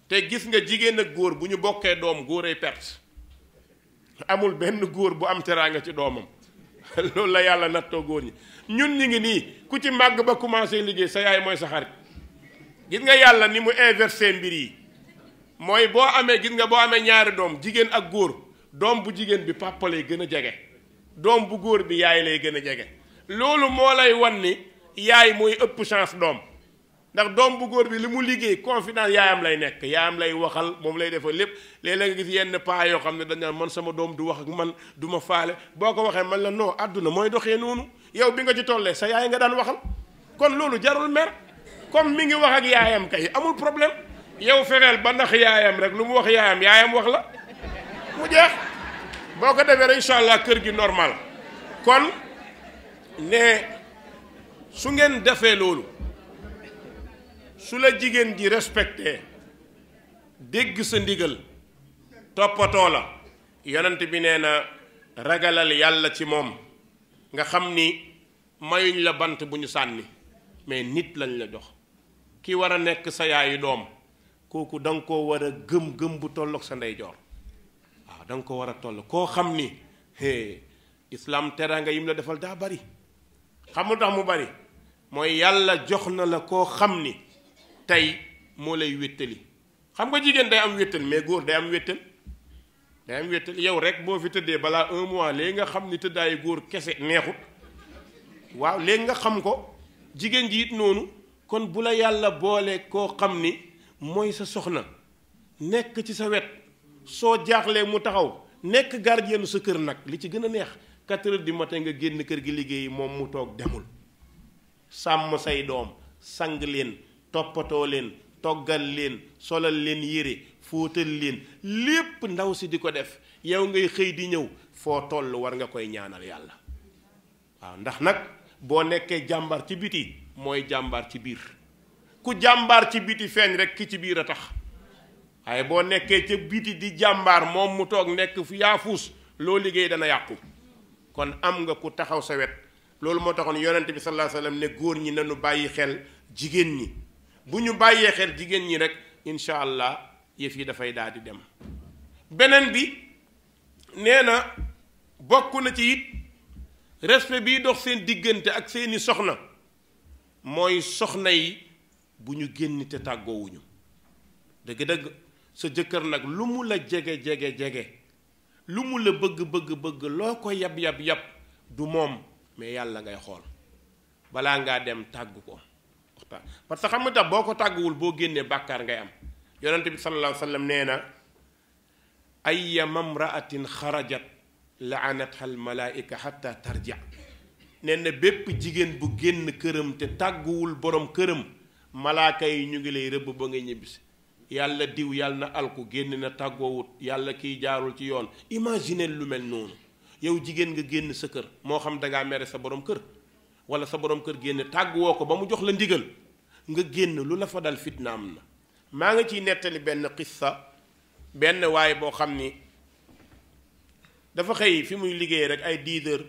te gis nga jigéen ak góor bu ñu bokkee doom góoray perte amul benn góor bu am teraanga ci doomam loolu la yàlla nattoo góor ñi ñun li ngi nii ku ci màgg ba commencé liggéey sa yaay mooy sa xarit gis nga yàlla ni mu inversé mbir yi mooy boo amee gis nga boo amee ñaari doom jigéen ak góor doom bu jigéen bi papa lay gën a jege doom bu góor bi yaay lay gën a jege loolu moo lay wan ni yaay mooy ëpp chance doom ndax doom bu góor bi li mu liggéey confidence yaayam lay nekk yaayam lay waxal moom lay defal lépp léeg-léeg nga gis yenn paa yoo xam ne dañ naan man sama doom du wax ak man du ma faale boo ko waxee man la non àdduna mooy doxee noonu yow bi nga ci tollee sa yaay nga daan waxal kon loolu jarul mer comme mi ngi wax ak yaayam kay amul problème yow fexeel ba ndax yaayam rek lu mu wax yaayam yaayam wax la mu jeex boo ko defee rek incha allah kër gi normal kon ne su ngeen defee loolu. su la jigéen ji respecté dégg sa ndigal toppatoo la yonent bi nee na ragalal yàlla ci moom nga xam ni mayuñ la bant bu ñu sànni mais nit lañ la jox ki war a nekk sa yaayu doom kooku da ko war a gëm-gëm bu tolloog sa ndeyjoor waaw da ko war a toll koo xam ni hé islam teraanga yim la defal daa bari xamul tax mu bari mooy yàlla jox na la koo xam ni tey moo lay wéttali xam nga jigéen day am wéttal mais góor day am wéttal day am wéttal yow rek boo fi tëddee balaa un mois léegi nga xam ni tëddaayu góor kese neexut waaw léegi nga xam ko jigéen ji it noonu kon bu la yàlla boole koo xam ni mooy sa soxna nekk ci sa wet soo jaaxlee mu taxaw nekk gardien sa kër nag li ci gën a neex quatre di du matin nga génn kër gi liggéey moom mu toog demul sàmm say doom sang leen toppatoo leen toggal leen solal leen yére fóotal leen lépp ndaw si di ko def yow ngay xëy di ñëw foo toll war nga koy ñaanal yàlla waaw ndax nag boo nekkee jàmbaar ci biti mooy jàmbaar ci biir ku jàmbaar ci biti feeñ rek ki ci biir a tax waaye boo nekkee ca biti di jàmbaar moom mu toog nekk fu yaafuus loo liggéey dana yàqu kon am nga ku taxaw sa wet loolu moo taxoon yonent bi sallallahu alayhi wasallam ne góor ñi nanu bàyyi xel jigéen ñi bu ñu bàyyee xel jigéen ñi rek incha allah yëf yi dafay daal di dem beneen bi nee na bokk na ci it respect biy dox seen diggante ak seeni soxna mooy soxna yi bu ñu génn te tàggoowuñu dëgg-dëgg sa jëkkër nag lu mu la jege jege jege lu mu la bëgg bëgg bëgg loo ko yab yab yab du moom mais yàlla ngay xool balaa ngaa dem tàggu ko waxtaan parce que xam nga tax boo ko tàgguwul boo génnee bàkkaar ngay am yonente bi sallallahu alayhi wa sallam nee na ayyama mraatin xarajat laanatha al malaayika xatta tarja nee na bépp jigéen bu génn këram te tàgguwul borom këram malaaka yi ñu ngi lay rëbb ba nga ñibbisi yàlla diw yàlla na alku génn na tàggoowut yàlla kiy jaarul ci yoon imagine lu mel noonu yow jigéen nga génn sa kër moo xam dangaa mere sa borom kër wala sa borom kër génn woo ko ba mu jox la ndigal nga génn lu la fa dal fitna am na maa ngi ciy nettali benn xissa benn waaye boo xam ni dafa xëy fi muy liggéeyee rek ay 10 heures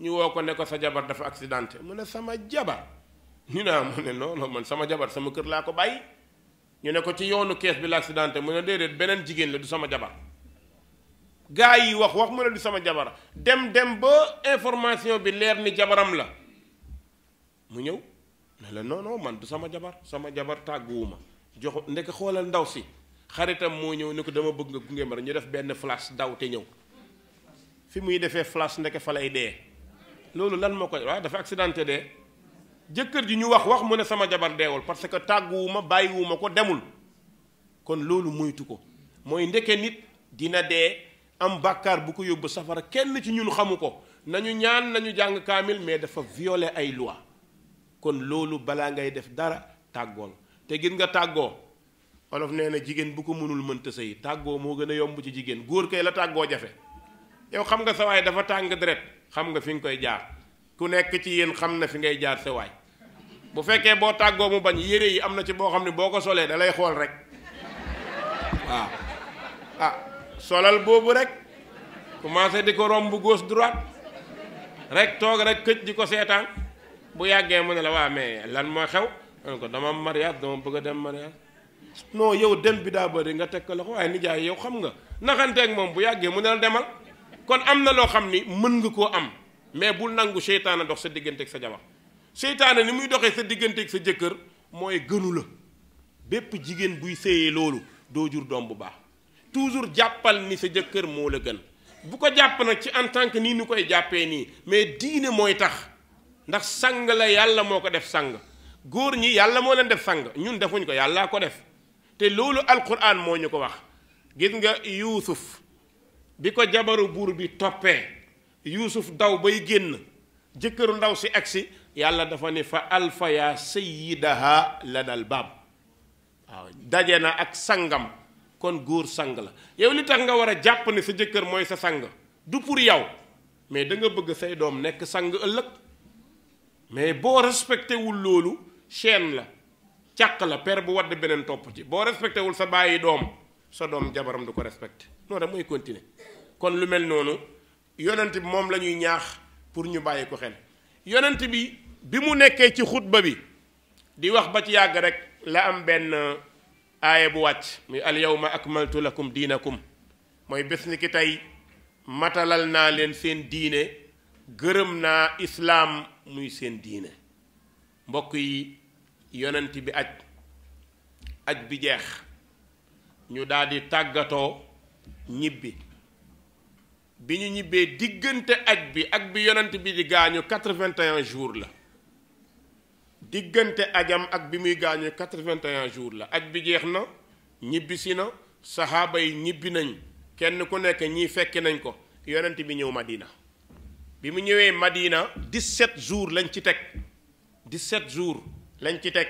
ñu woo ko ne ko sa jabar dafa accidenté mu ne sama jabar ñu ne am ah, ne non non man sama jabar sama kër laa ko bàyyi ñu ne ko ci yoonu kees bi la accidenté mu ne déedéet beneen jigéen la du sama jabar gaa yi wax wax mu ne du sama jabar dem dem ba information bi leer ni jabaram la mu ñëw ne la non man du sama jabar sama jabar tàgguwuma jox ndek xoolal ndaw si xaritam moo ñëw ne ko dama bëgg nga gunge ma ñu def benn flash daw te ñëw fi muy defee flash ndeke fa lay dee loolu lan moo ko waaw dafa accidenté dee jëkkër ji ñu wax wax mu ne sama jabar deewul parce que tàgguwuma bàyyiwuma ko demul kon loolu moytu ko mooy ndeke nit dina dee am bàkkaar bu ko yóbbu safara kenn ci ñun xamu ko nañu ñaan nañu jàng kaamil mais dafa violer ay loi kon loolu balaa ngay def dara tàggoon te gis nga tàggoo olof nee na jigéen bu ko mënul mënta sëy tàggoo moo gën a yomb ci jigéen góor kay la tàggoo jafe yow xam nga sa waay dafa tàng deret xam nga fi nga koy jaar ku nekk ci yéen xam na fi ngay jaar sa bu fekkee boo tàggoo mu bañ yére yi am na ci boo xam ne boo ko solee dalay xool rek waaw ah solal boobu rek commencé di ko romb gauche droite rek toog rek këj di ko seetaan bu yàggee mu ne la waa mais lan moo xew man ko dama mariage dama bëgg a dem mariage non yow dem bi daa bëri nga teg ko loxo waaye nijaay yow xam nga naxanteeg moom bu yàggee mu ne la demal kon am na loo xam ni mën nga koo am mais bul nangu seytaane dox sa digganteeg sa jabar seytaane ni muy doxee sa digganteek sa jëkkër mooy gënu la bépp jigéen buy séyee loolu doo jur doom bu baax toujours jàppal ni sa jëkkër moo la gën bu ko jàpp nag ci en tant que nii ni koy jàppee nii mais diine mooy tax ndax sang la yàlla moo ko def sang góor ñi yàlla moo leen def sang ñun defuñ ko yàllaa ko def te loolu alquran moo ñu ko wax gis nga yuusuf bi ko jabaru buur bi toppee yuusuf daw bay génn jëkkëru ndaw si agsi yàlla dafa ne fa alfa yaa la dal baab waaw daje na ak sangam kon góor sang la yow li tax nga war a jàpp ne sa jëkkër mooy sa sang du pour yow mais danga bëgg say doom nekk sang ëllëg mais boo respecté wul loolu chaîne la càq la per bu wadd beneen topp ci boo respecté wul sa bàyyi doom sa doom jabaram du ko respecté noonu rek mooy continuer kon lu mel noonu yonent bi moom lañuy ñaax pour ñu bàyyi ko xel yonant bi bi mu nekkee ci xutba bi di wax ba ci yàgg rek la am benn euh, aaya bu wàcc muy al ak akmaltu lakum diinakum mooy bés ni ki tey matalal naa leen seen diine gërëm naa islaam muy seen diine mbokk yi yonent bi aj aj bi jeex ñu daldi tàggatoo ñibbi bi ñu ñibbee diggante aj bi ak bi yonent bi di gaañu quatre-vingt-un jours la diggante ajam ak bi muy gaañu quatre-vingt-un jours la aj bi jeex na ñibbisi na saxaaba yi ñibbi nañ kenn ku nekk ñii fekki nañ ko yonent bi ñëw Madina bi mu ñëwee Madina 17 jours lañ ci teg 17 jours lañ ci teg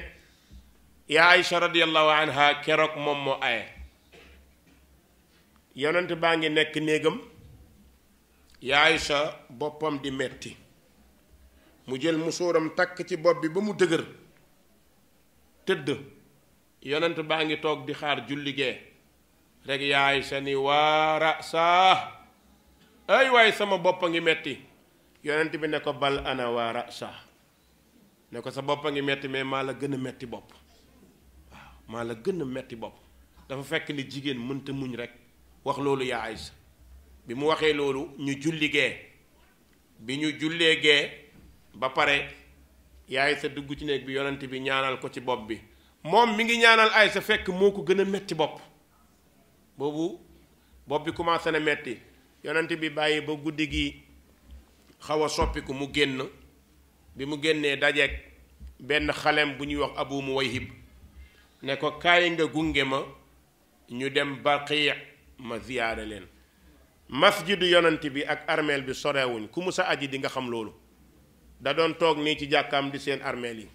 ya Aïcha radiyallahu anha keroog moom moo aye yonent baa ngi nekk néegam yaay sa boppam di metti mu jël musóoram takk ci bopp bi ba mu dëgër tëdd yonent baa ngi toog di xaar julli gee rek ya Aïcha ni waa ra ay waay sama bopp a ngi metti yonent bi ne ko bal ana waa rasa ne ko sa bopp a ngi metti mais maa la gën a metti bopp waaw maa la gën a metti bopp dafa fekk ni jigéen mënta muñ rek wax loolu yaa Aysa bi mu waxee loolu ñu julli gee bi ñu jullee gee ba pare yaay Aysa dugg ci néeg bi yonent bi ñaanal ko ci bopp bi moom mi ngi ñaanal ay sa fekk moo ko gën a metti bopp boobu bopp bi commencé na metti yonant bi bàyyi ba guddi gi xaw a soppiku mu génn bi mu génnee dajeek benn xalem bu ñuy wax abu mu muwayhib ne ko kaay nga gunge ma ñu dem baqi ma ziyaare leen masjidu yonant bi ak armeel bi sorewuñ ku mu sa aji di nga xam loolu da doon toog nii ci jàkkaam di seen armeel yi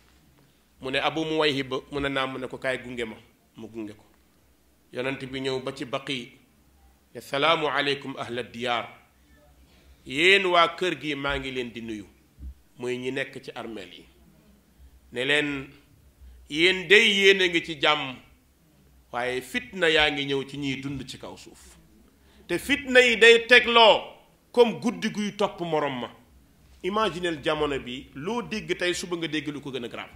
mu ne abu muwayhib mu ne naa mu ne ko kaay gunge ma mu gunge ko yonent bi ñëw ba ci baqi ne salaamu aleykum ahla diyaar yéen waa kër gi maa ngi leen di nuyu muy ñi nekk ci armeel yi ne leen yéen dey yéen a ngi ci jàmm waaye fitna yaa ngi ñëw ci ñuy dund ci kaw suuf te fitna yi day tegloo comme guddi guy topp moroom ma imagineel jamono bi loo dégg tey suba nga dégg lu ko gën a grave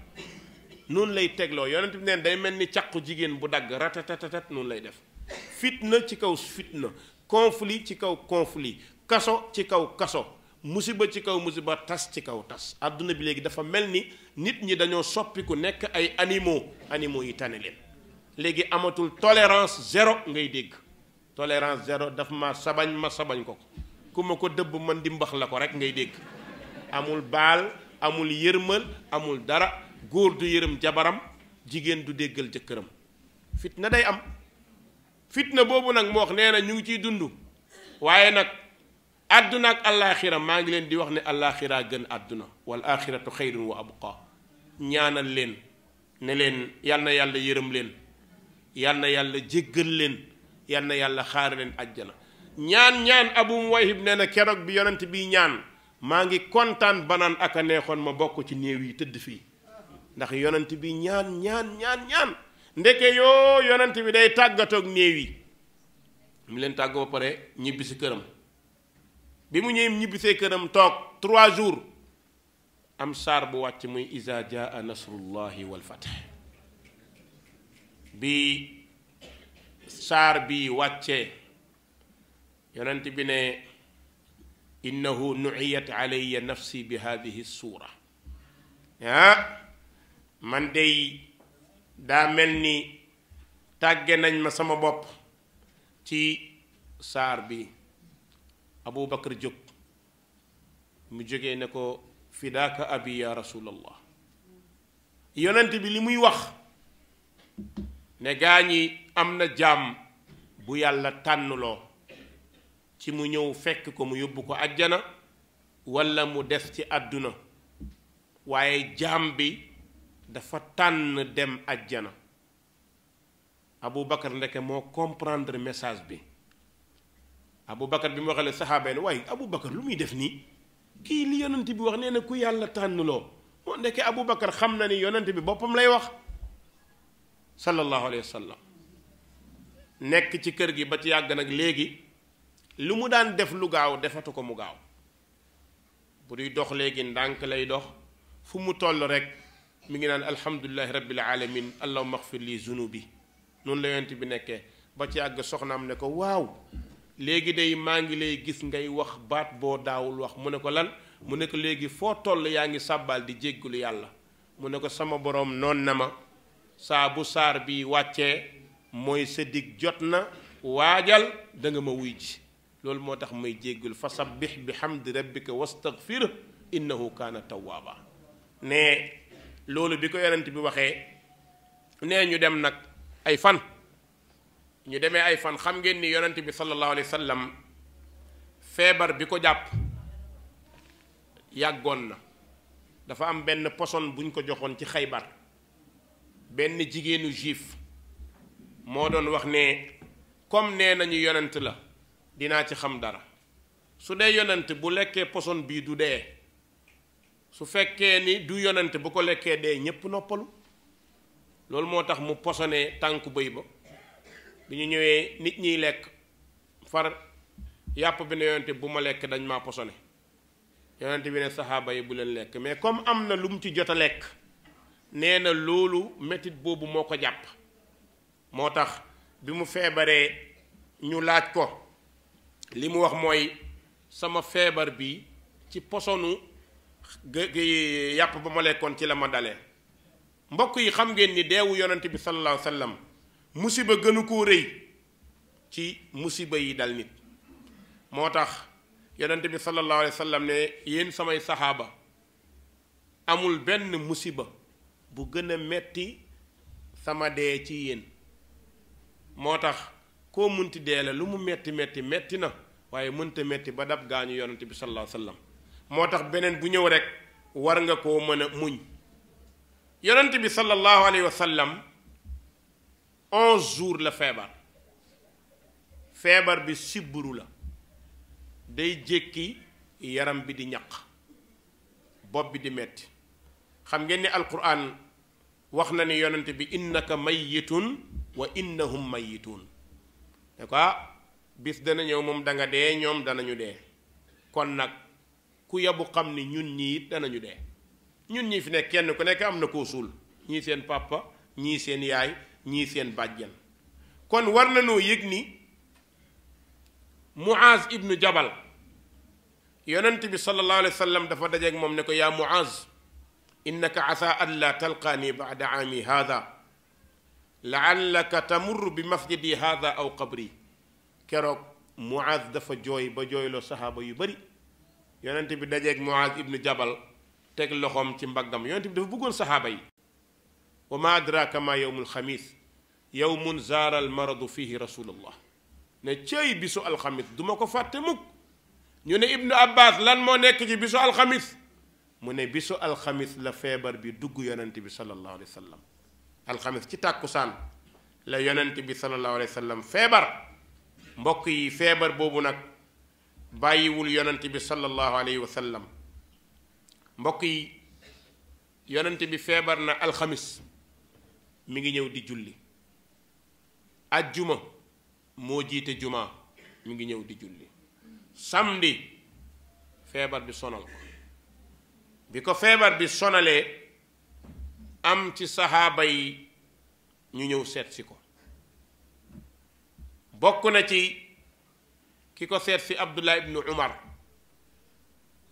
noonu lay tegloo yonent bi neen day mel ni càqu jigéen bu dagg ratatatatat noonu lay def fitna ci kaw fitna conflit ci kaw conflit kaso ci kaw kaso musiba ci kaw musiba tas ci kaw tas àdduna bi léegi dafa mel ni nit ñi dañoo soppiku nekk ay animaux animo yi tane leen léegi amatul tolérance zéro ngay dégg tolerance zéro daf ma sabañ ma sabañ ko ko ku ma ko dëbb man di mbax la ko rek ngay dégg amul baal amul yërmal amul dara góor du yërëm jabaram jigéen du déggal jëkkëram fitna day am fitna boobu nag moo wax nee na ñu ngi ciy dund waaye nag àdduna ak allaaxira maa ngi leen di wax ne allaaxira gën àdduna wal aaxiratu xayrun wa abqa ñaanal leen ne leen yal na yàlla yërëm leen yal yàlla jéggal leen yal yàlla xaar leen àjjana ñaan ñaan abu muwayhib nee na keroog bi yonent bi ñaan maa ngi kontaan banaan ak a neexoon ma bokk ci néew yi tëdd fii ndax yonent bi ñaan ñaan ñaan ñaan ndeke yoo yonant bi day tàggatoog néew yi mu leen tàgg ba pare ñibbi si këram bi mu ñëw ñibbisee këram toog trois jours am saar bu wàcc muy iza jaa nasrullahi wal fath bi saar bi wàcce yonent bi ne innahu nuiyat alayya nafsi bi hadihi suura ah man dey daa mel ni tàgge nañ ma sama bopp ci saar bi abu bakar jóg mu jóge ne ko fidaaka abi ya rasulallah yonent bi li muy wax ne gaa ñi am na jaam bu yàlla tànnloo ci mu ñëw fekk ko mu yóbbu ko àjjana walla mu des ci àdduna waaye jaam bi dafa tànn dem àjjana abu bakar ndeke moo comprendre message bi abu aboubacar bi mu waxee la saxaaba yi la waaye aboubacar lu muy def nii kii li yonent bi wax nee na ku yàlla tànnloo moo ndekkee aboubacar xam na ni yonent bi boppam lay wax sallallahu alayhi nekk ci kër gi ba ci yàgg nag léegi lu mu daan def lu gaaw defatu ko mu gaaw bu duy dox léegi ndànk lay dox fu mu toll rek mu ngi naan alhamdulilahi rabbil alamin allahumma xfir li zunubi noonu la yonent bi nekkee ba ci yàgg soxnaam ne ko waaw léegi day maa ngi lay gis ngay wax baat boo daawul wax mu ne ko lan mu ne ko léegi foo toll yaa ngi sàbbaal di jéggulu yàlla mu ne ko sama boroom noon na ma saa bu saar bi wàcce mooy sa dig jot na waajal danga ma wuy ji loolu moo tax may jéggul fa sabbih bi hamdi rabbika wastaghfir innahu kaana tawwaaba ne loolu bi ko yonent bi waxee nee ñu dem nag ay fan ñu demee ay fan xam ngeen ni yonent bi sallallahu alayhi wa sallam feebar bi ko jàpp yàggoon na dafa am benn poson buñ ko joxoon ci xaybar benn jigéenu juif moo doon wax ne comme nee nañu yonent la dinaa ci xam dara su dee yonent bu lekkee poson bii du dee su fekkee ni du yonent bu ko lekkee dee ñépp noppalu loolu moo tax mu posone tànku bëy ba bi ñu ñëwee nit ñiy lekk far yàpp bi ne yonente bu ma lekk dañ ma posone yonente bi ne saxaaba yi bu leen lekk mais comme am na lu mu ci jot a lekk nee na loolu métit boobu moo ko jàpp moo tax bi mu feebaree ñu laaj ko li mu wax mooy sama feebar bi ci posonu gi yàpp ba ma lekkoon ci la ma dalee mbokk yi xam ngeen ni deewu yonente bi sallallahu alayhi wa musiba gënu koo rëy ci musiba yi dal nit moo tax yonent bi sallallahu alayhi wa ne yéen samay saxaaba amul benn musiba bu gën a metti sama dee ci yéen moo tax koo munti dee la lu mu metti metti metti na waaye mënta metti ba dab gaañu yonent bi sallallahu alayhi wa moo tax beneen bu ñëw rekk war nga koo mën a muñ yonent bi sallallahu alayhi wa sallam onze jours la feebar feebar bi sibburu la day jékki yaram bi di ñaq bopp bi di metti xam ngeen ni alquran wax na ni yonent bi innaka mayyitun wa innahum mayyitun de quoi ah, bis dana ñëw moom danga dee ñoom danañu dee kon nag ku yebu xam ni ñun ñii it danañu dee ñun ñii fi nekk kenn ku nekk am na koo suul ñii seen papa ñii seen yaay ñii seen bàjjen kon war nañoo yëg ni muaz ibnu jabal yonent bi sallallahu alayhi wa dafa dajeeg moom ne ko yaa muaz innaka asa an laa talqaani baada aami haada laallaka tamurru bi masjidi haada aw qabri keroog muaz dafa jooy ba jooyloo saxaaba yu bari yonent bi dajeeg muaz ibnu jabal teg loxoom ci mbaggam yonent bi dafa bëggoon saxaaba yi wa ma adraka ma yowmul xamis yowmun zaara almaradu fihi rasulullah ne céy bisu alxamis duma ko fàtte mukk ñu ne ibnu abbas lan moo nekk ci bisu alxamis mu ne bisu alxamis la feebar bi dugg yonent bi sallallahu alayhi wa alxamis ci tàkkusaan la yonent bi sallallahu alayhi feebar mbokk yi feebar boobu nag bàyyiwul yonent bi sallallahu alayhi wa mbokk yi yonent bi feebar na alxamis mi ngi ñëw di julli ak ajjuma moo jiite juma mu ngi ñëw di julli samedi feebar bi sonal ko bi ko feebar bi sonalee am ci saxaaba yi ñu ñëw seetsi ko bokk na ci ki ko seet si abdullah ibnu umar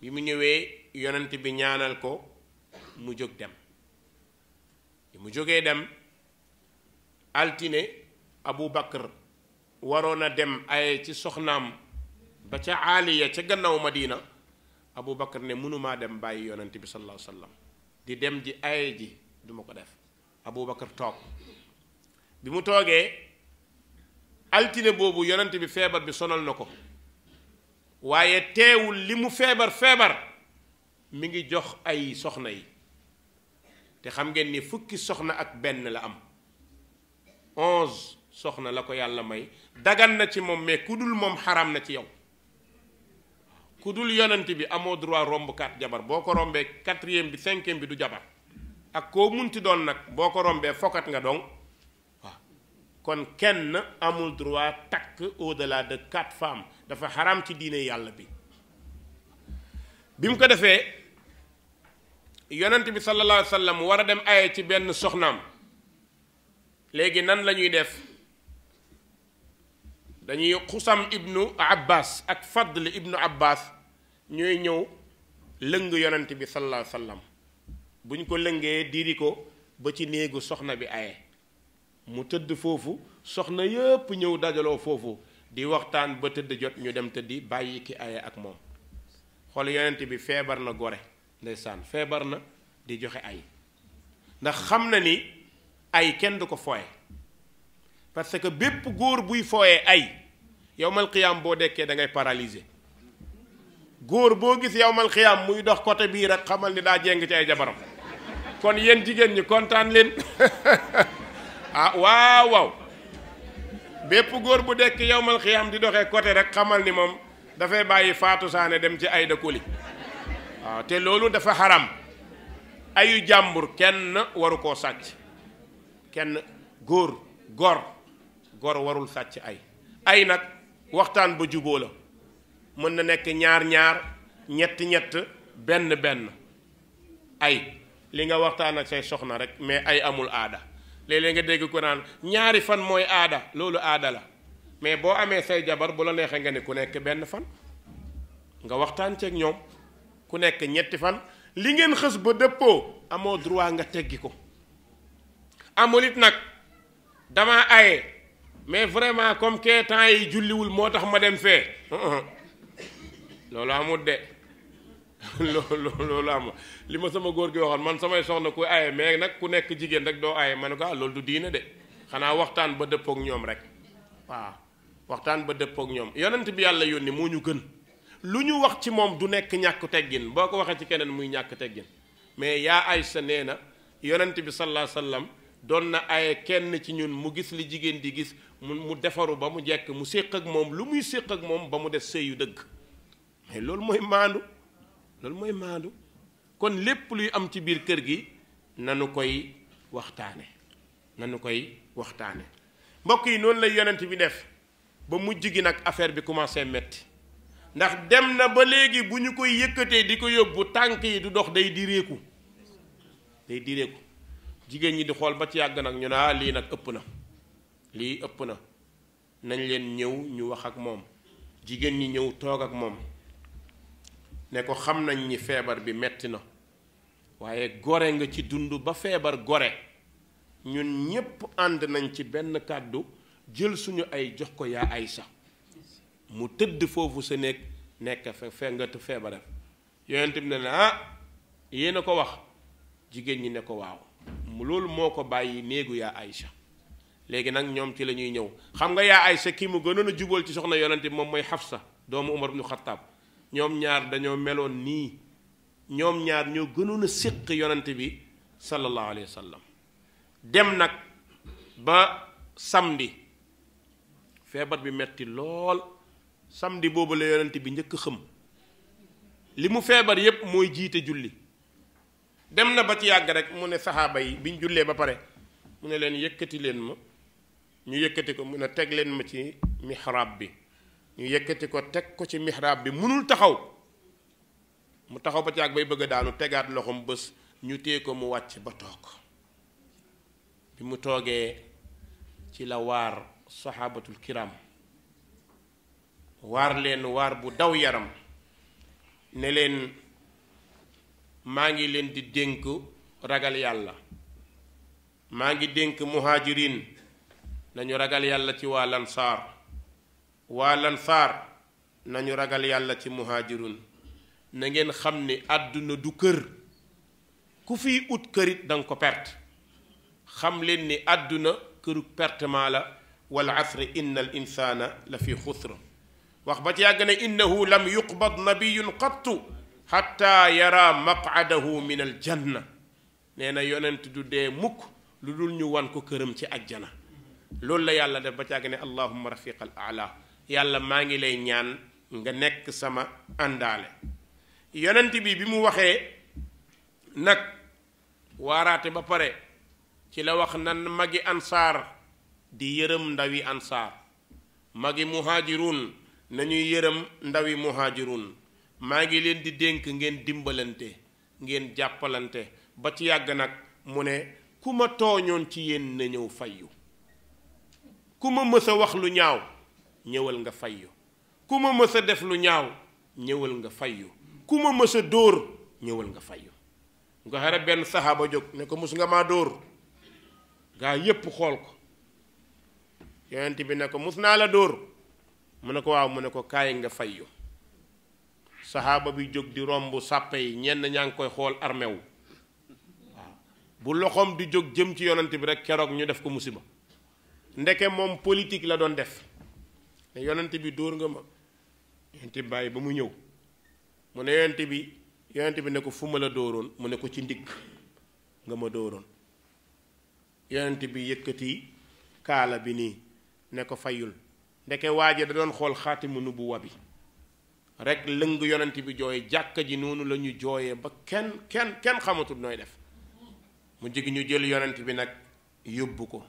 bi mu ñëwee yonent bi ñaanal ko mu jóg dem bi mu jógee dem altine abu bakar waroon a dem aye ci soxnaam ba ca aaliya ca gannaaw ma diina abu bakar ne mënumaa dem bàyyi yonent bi sallallahu alayhi di dem ji aye ji duma ko def abu bakar toog bi mu toogee altine boobu yonent bi feebar bi sonal na ko waaye teewul li mu feebar feebar mi ngi jox ay soxna yi te xam ngeen ni fukki soxna ak benn la am onze soxna la ko yàlla may dagan na ci moom mais ku dul moom xaram na ci yow ku dul yonent bi amoo droit romb quatre jabar boo ko rombee quatrième bi cinquième bi du jabar ak koo munti doon nag boo ko rombee fokkat nga dong waaw kon kenn amul droit takk de delà de quatre femmes dafa xaram ci diine yàlla bi bi mu ko defee yonent bi sallallahu alayhi wa sallam war a dem aye ci benn soxnaam léegi nan lañuy ñuy def dañuy xusam ibnu abbas ak fadl ibnu abbas ñooy ñëw lëng yonent bi sallallahu alayhi wasallam bu ko lëngee diiri ko ba ci néegu soxna bi aye mu tëdd foofu soxna yépp ñëw dajaloo foofu di waxtaan ba tëdd jot ñu dem tëddi bàyyi ki aye ak moom xool yonent bi feebar na gore ndeysaan feebar na di joxe ay ndax xam na ni ay kenn du ko fooye parce que bépp góor buy fooyee ay yowmal xiyaam boo dekkee da ngay paralysé góor boo gis yowmal xiyaam muy dox côté bii rek xamal ni daa jéng ci ay jabaram kon yéen jigéen ñi kontaan leen ah waaw waaw bépp góor bu dekk yowmal xiyaam di doxee côté rek xamal ni moom dafay bàyyi faatu saane dem ci ay dëkkuli waaw te loolu dafa xaram ayu jàmbur kenn waru koo sàcc kenn góor góor góor warul sàcc ay ay nag waxtaan ba juboo la mën na nekk ñaar-ñaar ñetti ñett benn-benn ay li nga waxtaan ak say soxna rek mais ay amul aada léeg nga dégg ko naan ñaari fan mooy aada loolu aada la mais boo amee say jabar bu la neexee nga ne ku nekk benn fan nga waxtaan ceeg ñoom ku nekk ñetti fan li ngeen xës ba dëppoo amoo droit nga teggi ko amul it nag dama aye mais vraiment comme que temps yi julliwul moo tax ma dem fee uh-uh. loolu amut de loolu amut li ma sama góor gi waxoon man samay soxna ku aye mais nag ku nekk jigéen rek doo aye ma ah, loolu du diine de xanaa waxtaan ba dëppook ñoom rek waa waxtaan ba dëppook ñoom yonent bi yàlla yoon ni moo ñu gën lu ñu wax ci moom du nekk ñàkk teggin boo ko waxee ci keneen muy ñàkk teggin mais yaa ay nee na yonent bi sallallahu alayhi doon na aye kenn ci ñun mu gis li jigéen di gis mu mu defaru ba mu jekk mu séq ak moom lu muy séq ak moom ba mu def sëy yu dëgg mais loolu mooy maandu loolu mooy maandu kon lépp luy am ci biir kër gi nanu koy waxtaane nanu koy waxtaane mbokk yi noonu la yonent bi def ba mu gi nag affaire bi commencé metti ndax dem na ba léegi bu ñu koy yëkkatee di ko yóbbu tànk yi du dox day direeku day direeku jigéen ñi di xool ba ci yàgg nag ñu naa ah, lii nag ëpp na lii ëpp na nañ leen ñëw ñu wax ak moom jigéen ñi ñëw toog ak moom ne ko xam nañ ni feebar bi metti na waaye gore nga ci dund ba feebar gore ñun ñépp ànd nañ ci benn kàddu jël suñu ay jox ko yaa Aysa mu tëdd foofu sa néeg nekk fe fe nga feebaram yonent bi ne ne ah yéen a ko wax jigéen ñi ne ko waaw loolu moo ko bàyyi néegu yaa Aïcha léegi nag ñoom ci la ñuy ñëw xam nga yaa Aïcha kii mu gënoon a jubal ci soxna yonent bi moom mooy Xafsa doomu Umar ibnu Xattaab ñoom ñaar dañoo meloon nii ñoom ñaar ñoo gënoon a séq yonent bi sallallahu alayhi wa sallam dem nag ba samdi feebar bi metti lool samdi boobu la yonent bi njëkk xëm li mu feebar yépp mooy jiite julli dem na ba ci yàgg rek mu ne saxaaba yi biñ jullee ba pare mu ne leen yëkkati leen ma ñu yëkkati ko mu ne teg leen ma ci mihrab bi ñu yëkkati ko teg ko ci mihrab bi munul taxaw mu taxaw ba ci yàgg bay bëgg a daanu tegaat loxo mu bés ñu téye ko mu wàcc ba toog bi mu toogee ci la waar saxaabatul kiram waar leen waar bu daw yaram ne leen maa ngi leen di dénk ragal yàlla maa ngi dénk muhajirin nañu ragal yàlla ci waa lansaar waa lansaar nañu ragal yàlla ci muhajirun na ngeen xam ni àdduna du kër ku fi ut kërit danga ko perte xam leen ni àdduna këru pertement la wal asri inna al insaana la fi xusra wax ba ci yàgg ne innahu lam yuqbad nabiyun qattu xatta yara maqadahu min al janna nee na yonent du dee mukk lu dul ñu wan ko këram ci ajjana loolu la yàlla def ba càgg ne allahuma rafiq al ala yàlla maa ngi lay ñaan nga nekk sama àndaale yonent bi bi mu waxee nag waaraate ba pare ci la wax nan magi ansaar di yërëm ndawi ansaar magi na ñuy yërëm ndawi muhajirun maa ngi leen di dénk ngeen dimbalante ngeen jàppalante ba ci yàgg nag mu ne ku ma tooñoon ci yéen na ñëw fayyu ku ma mësa wax lu ñaaw ñëwal nga fayyu ku ma mësa a def lu ñaaw ñëwal nga fayyu ku ma mës dóor ñëwal nga fayyu nga xare benn saxaaba jóg ne ko mus nga maa dóor gaa yépp xool ko yonent bi ne ko mus naa la dóor mu ne ko waaw mu ne ko kaay nga fayyu saxaaba bi jóg di romb sàppe yi ñenn ñaa ngi koy xool armé wu bu loxoom di jóg jëm ci yonent bi rek keroog ñu def ko musiba ndeke moom politik la doon def ne yonent bi dóor nga ma yonent bi bàyyi ba mu ñëw mu ne yonent bi yonent bi ne ko fu ma la dóoroon mu ne ko ci ndikk nga ma dóoroon yonent bi yëkkati kaala bi nii ne ko fayul ndeke waa ji da doon xool xaatimu nubuwa bi rekk lëng yonent bi jooy jàkka ji noonu la ñu jooyee ba kenn kenn kenn xamatul nooy def mu jigi ñu jël yonent bi nag yóbbu ko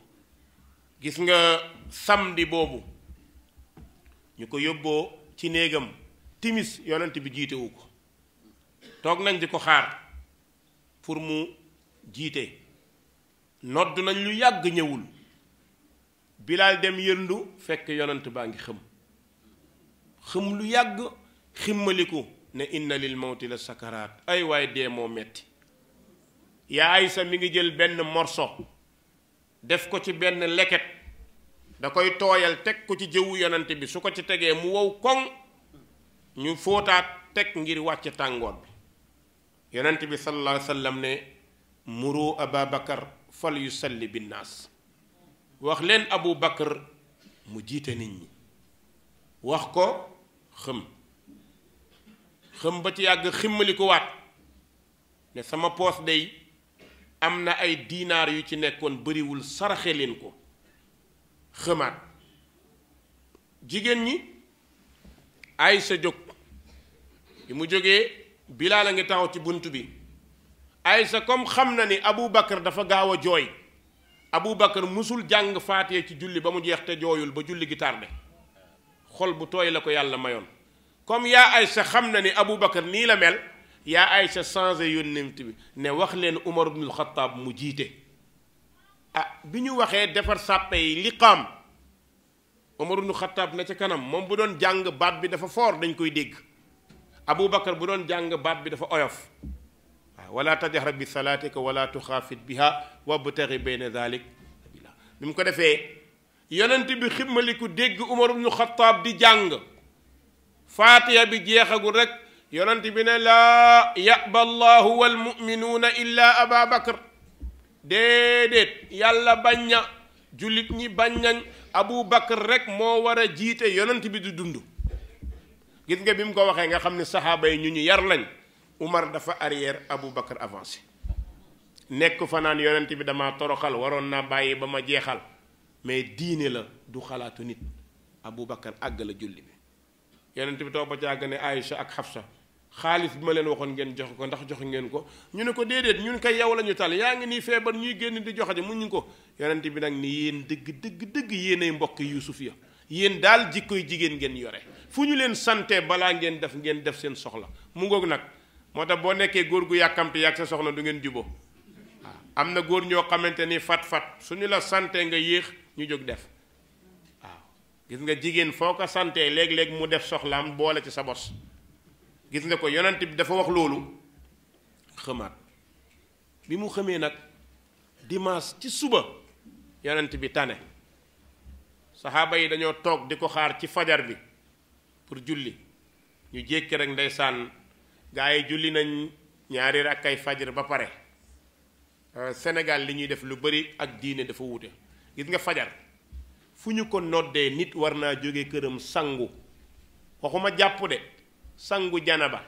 gis nga samedi boobu ñu ko yóbboo ci néegam timis yonent bi jiitewu ko toog nañ di ko xaar pour mu jiite nodd nañ lu yàgg ñëwul bilaal dem yëndu fekk yonent baa ngi xëm xëm lu yàgg ximmaliku ne inna lil mawti la sakaraat ay waay dee moo metti yaa Aysa mi ngi jël benn morso def ko ci benn leket da koy tooyal teg ko ci jëwu yonante bi su ko ci tegee mu wow koŋ ñu fóotaat teg ngir wàcc tàngoor bi yonante bi sallallahu alayhi ne muru ababakar bakar fal yu salli binnaas wax leen abu bakar mu jiite nit ñi wax ko xëm xam ba ci yàgg ximmali ko waat ne sama poos day am na ay diinaar yu ci nekkoon bariwul saraxe leen ko xëmaat jigéen ñi Aysa jóg bi mu jógee Bilaal a ngi taxaw ci bunt bi Aysa comme xam na ni Abu Bakar dafa gaaw a jooy Abu Bakar musul jàng faatee ci julli ba mu jeex te jooyul ba julli gi tardé xol bu tooy la ko yàlla mayoon comme yaa sa xam na ni Aboubacar nii la mel yaa Aysa changé yónnent bi ne wax leen Umar ibnul Xattaab mu jiite ah bi ñu waxee defar sàppe yi liqaam Umar ibnul Xattaab na ca kanam moom bu doon jàng baat bi dafa foor dañ koy dégg abu Aboubacar bu doon jàng baat bi dafa oyof waaw ah, wala tajhar bi salaatika wala tuxaafit biha wabtagi bayna dalik bi mu ko defee yonent bi ximmaliku dégg Umar ibnul Xattaab di jàng faatiya bi jeexagul rek yonant bi ne laa yaba allahu walmuminuuna illa aba bakar déedéet yàlla bañ na jullit ñi bañ nañ abu bakar rek moo war a jiite yonent bi du dund gis nga bi mu ko waxee nga xam ni saxaaba yi ñu ñu yar lañ Umar dafa arrière abu bakar avancé nekk fanaan yonent bi dama toroxal waroon naa bàyyi ba ma jeexal mais diine la du xalaatu nit abu bakar àgg la julli bi yonent bi topp ca àgg ne Aïcha ak Xafsa xaalis bi ma leen waxoon ngeen jox ko ndax joxe ngeen ko ñu ne ko déedéet ñun kay yow la ñu tal yaa ngi nii feebar ñuy génn di joxe mu ñu ko yonent bi nag ni yéen dëgg dëgg dëgg yéen ay mbokk Yuusuf ya yéen daal jikkoy jigéen ngeen yore fu ñu leen sante balaa ngeen def ngeen def seen soxla mu ngoog nag moo tax boo nekkee góor gu yàkkamti yàgg sa soxna du ngeen juboo am na góor ñoo xamante ni fat su ñu la sante nga yéex ñu jóg def gis nga jigéen foo ko santee léeg-léeg mu def soxlaam boole ci sa bos gis nga ko yonent bi dafa wax loolu xamaat bi mu xamee nag dimaas ci suba yonent bi tane saxaaba yi dañoo toog di ko xaar ci fajar bi pour julli ñu jékki rek ndeysaan gaa yi julli nañ ñaari rakkay fajar ba pare euh, senegal li ñuy def lu bari ak diine dafa wuute gis nga fajar fu ñu ko noddee nit war naa jóge këram sangu waxuma jàpp de sangu jana ba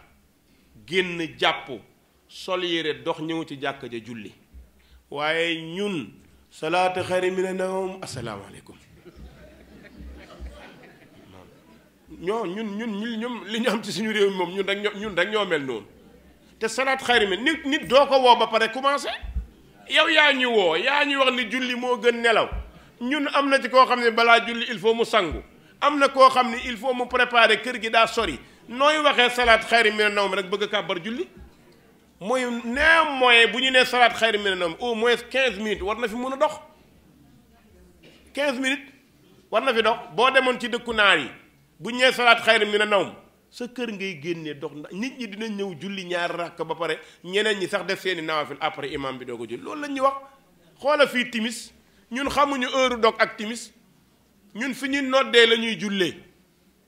génn jàpp sol yére dox ñëw ci jàkka ja julli waaye ñun salaatu xayri mina nawm asalaamaaleykum ñoo ñun ñun ñu ñoom li ñu am ci suñu réew mi moom ñun rek ñoo ñun rek ñoo mel noonu te salaat xayri mi nit nit doo ko woo ba pare commencé yow yaa ñu woo yaa ñuy wax ni julli moo gën nelaw ñun am na ci koo xam ne balaa julli il faut mu sangu am na koo xam ni il faut mu préparer kër gi daa sori nooy waxee salaat xayri naw mi rek bëgg kàbbar julli mooy nee moyen bu ñu nee salaat xayri mina nawm au moins quinze minutes war na fi mun a dox quinze minutes war na fi dox boo demoon ci dëkku naar yi bu ñu nee salaat xayri mina nawm sa kër ngay génnee dox ndax nit ñi dina ñëw julli ñaari rakk ba pare ñeneen ñi sax def seeni nawaafil après imam bi doo ko julli loolu la ñuy wax xoola fii timis ñun xamuñu heure dog ak timis ñun fi ñu noddee lañuy ñuy jullee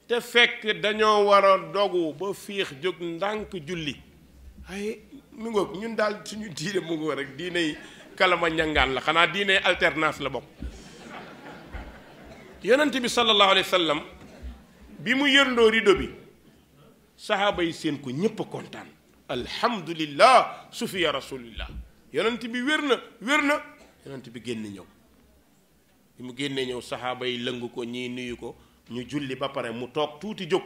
te fekk dañoo war a dogu ba fiix jóg ndànk julli ay mu ngoog ñun daal suñu diine mu ngoog rek diine kalama ñangaan la xanaa diine alternance la bokk yonent bi sallallahu alayhi bi mu yërndoo bi saxaaba yi seen ko ñépp kontaan alhamdulillah sufiya rasulillah yonent bi wér na wér na yonent bi génn ñëw mu génne ñëw saxaaba yi lëngu ko ñii nuyu ko ñu julli ba pare mu toog tuuti jóg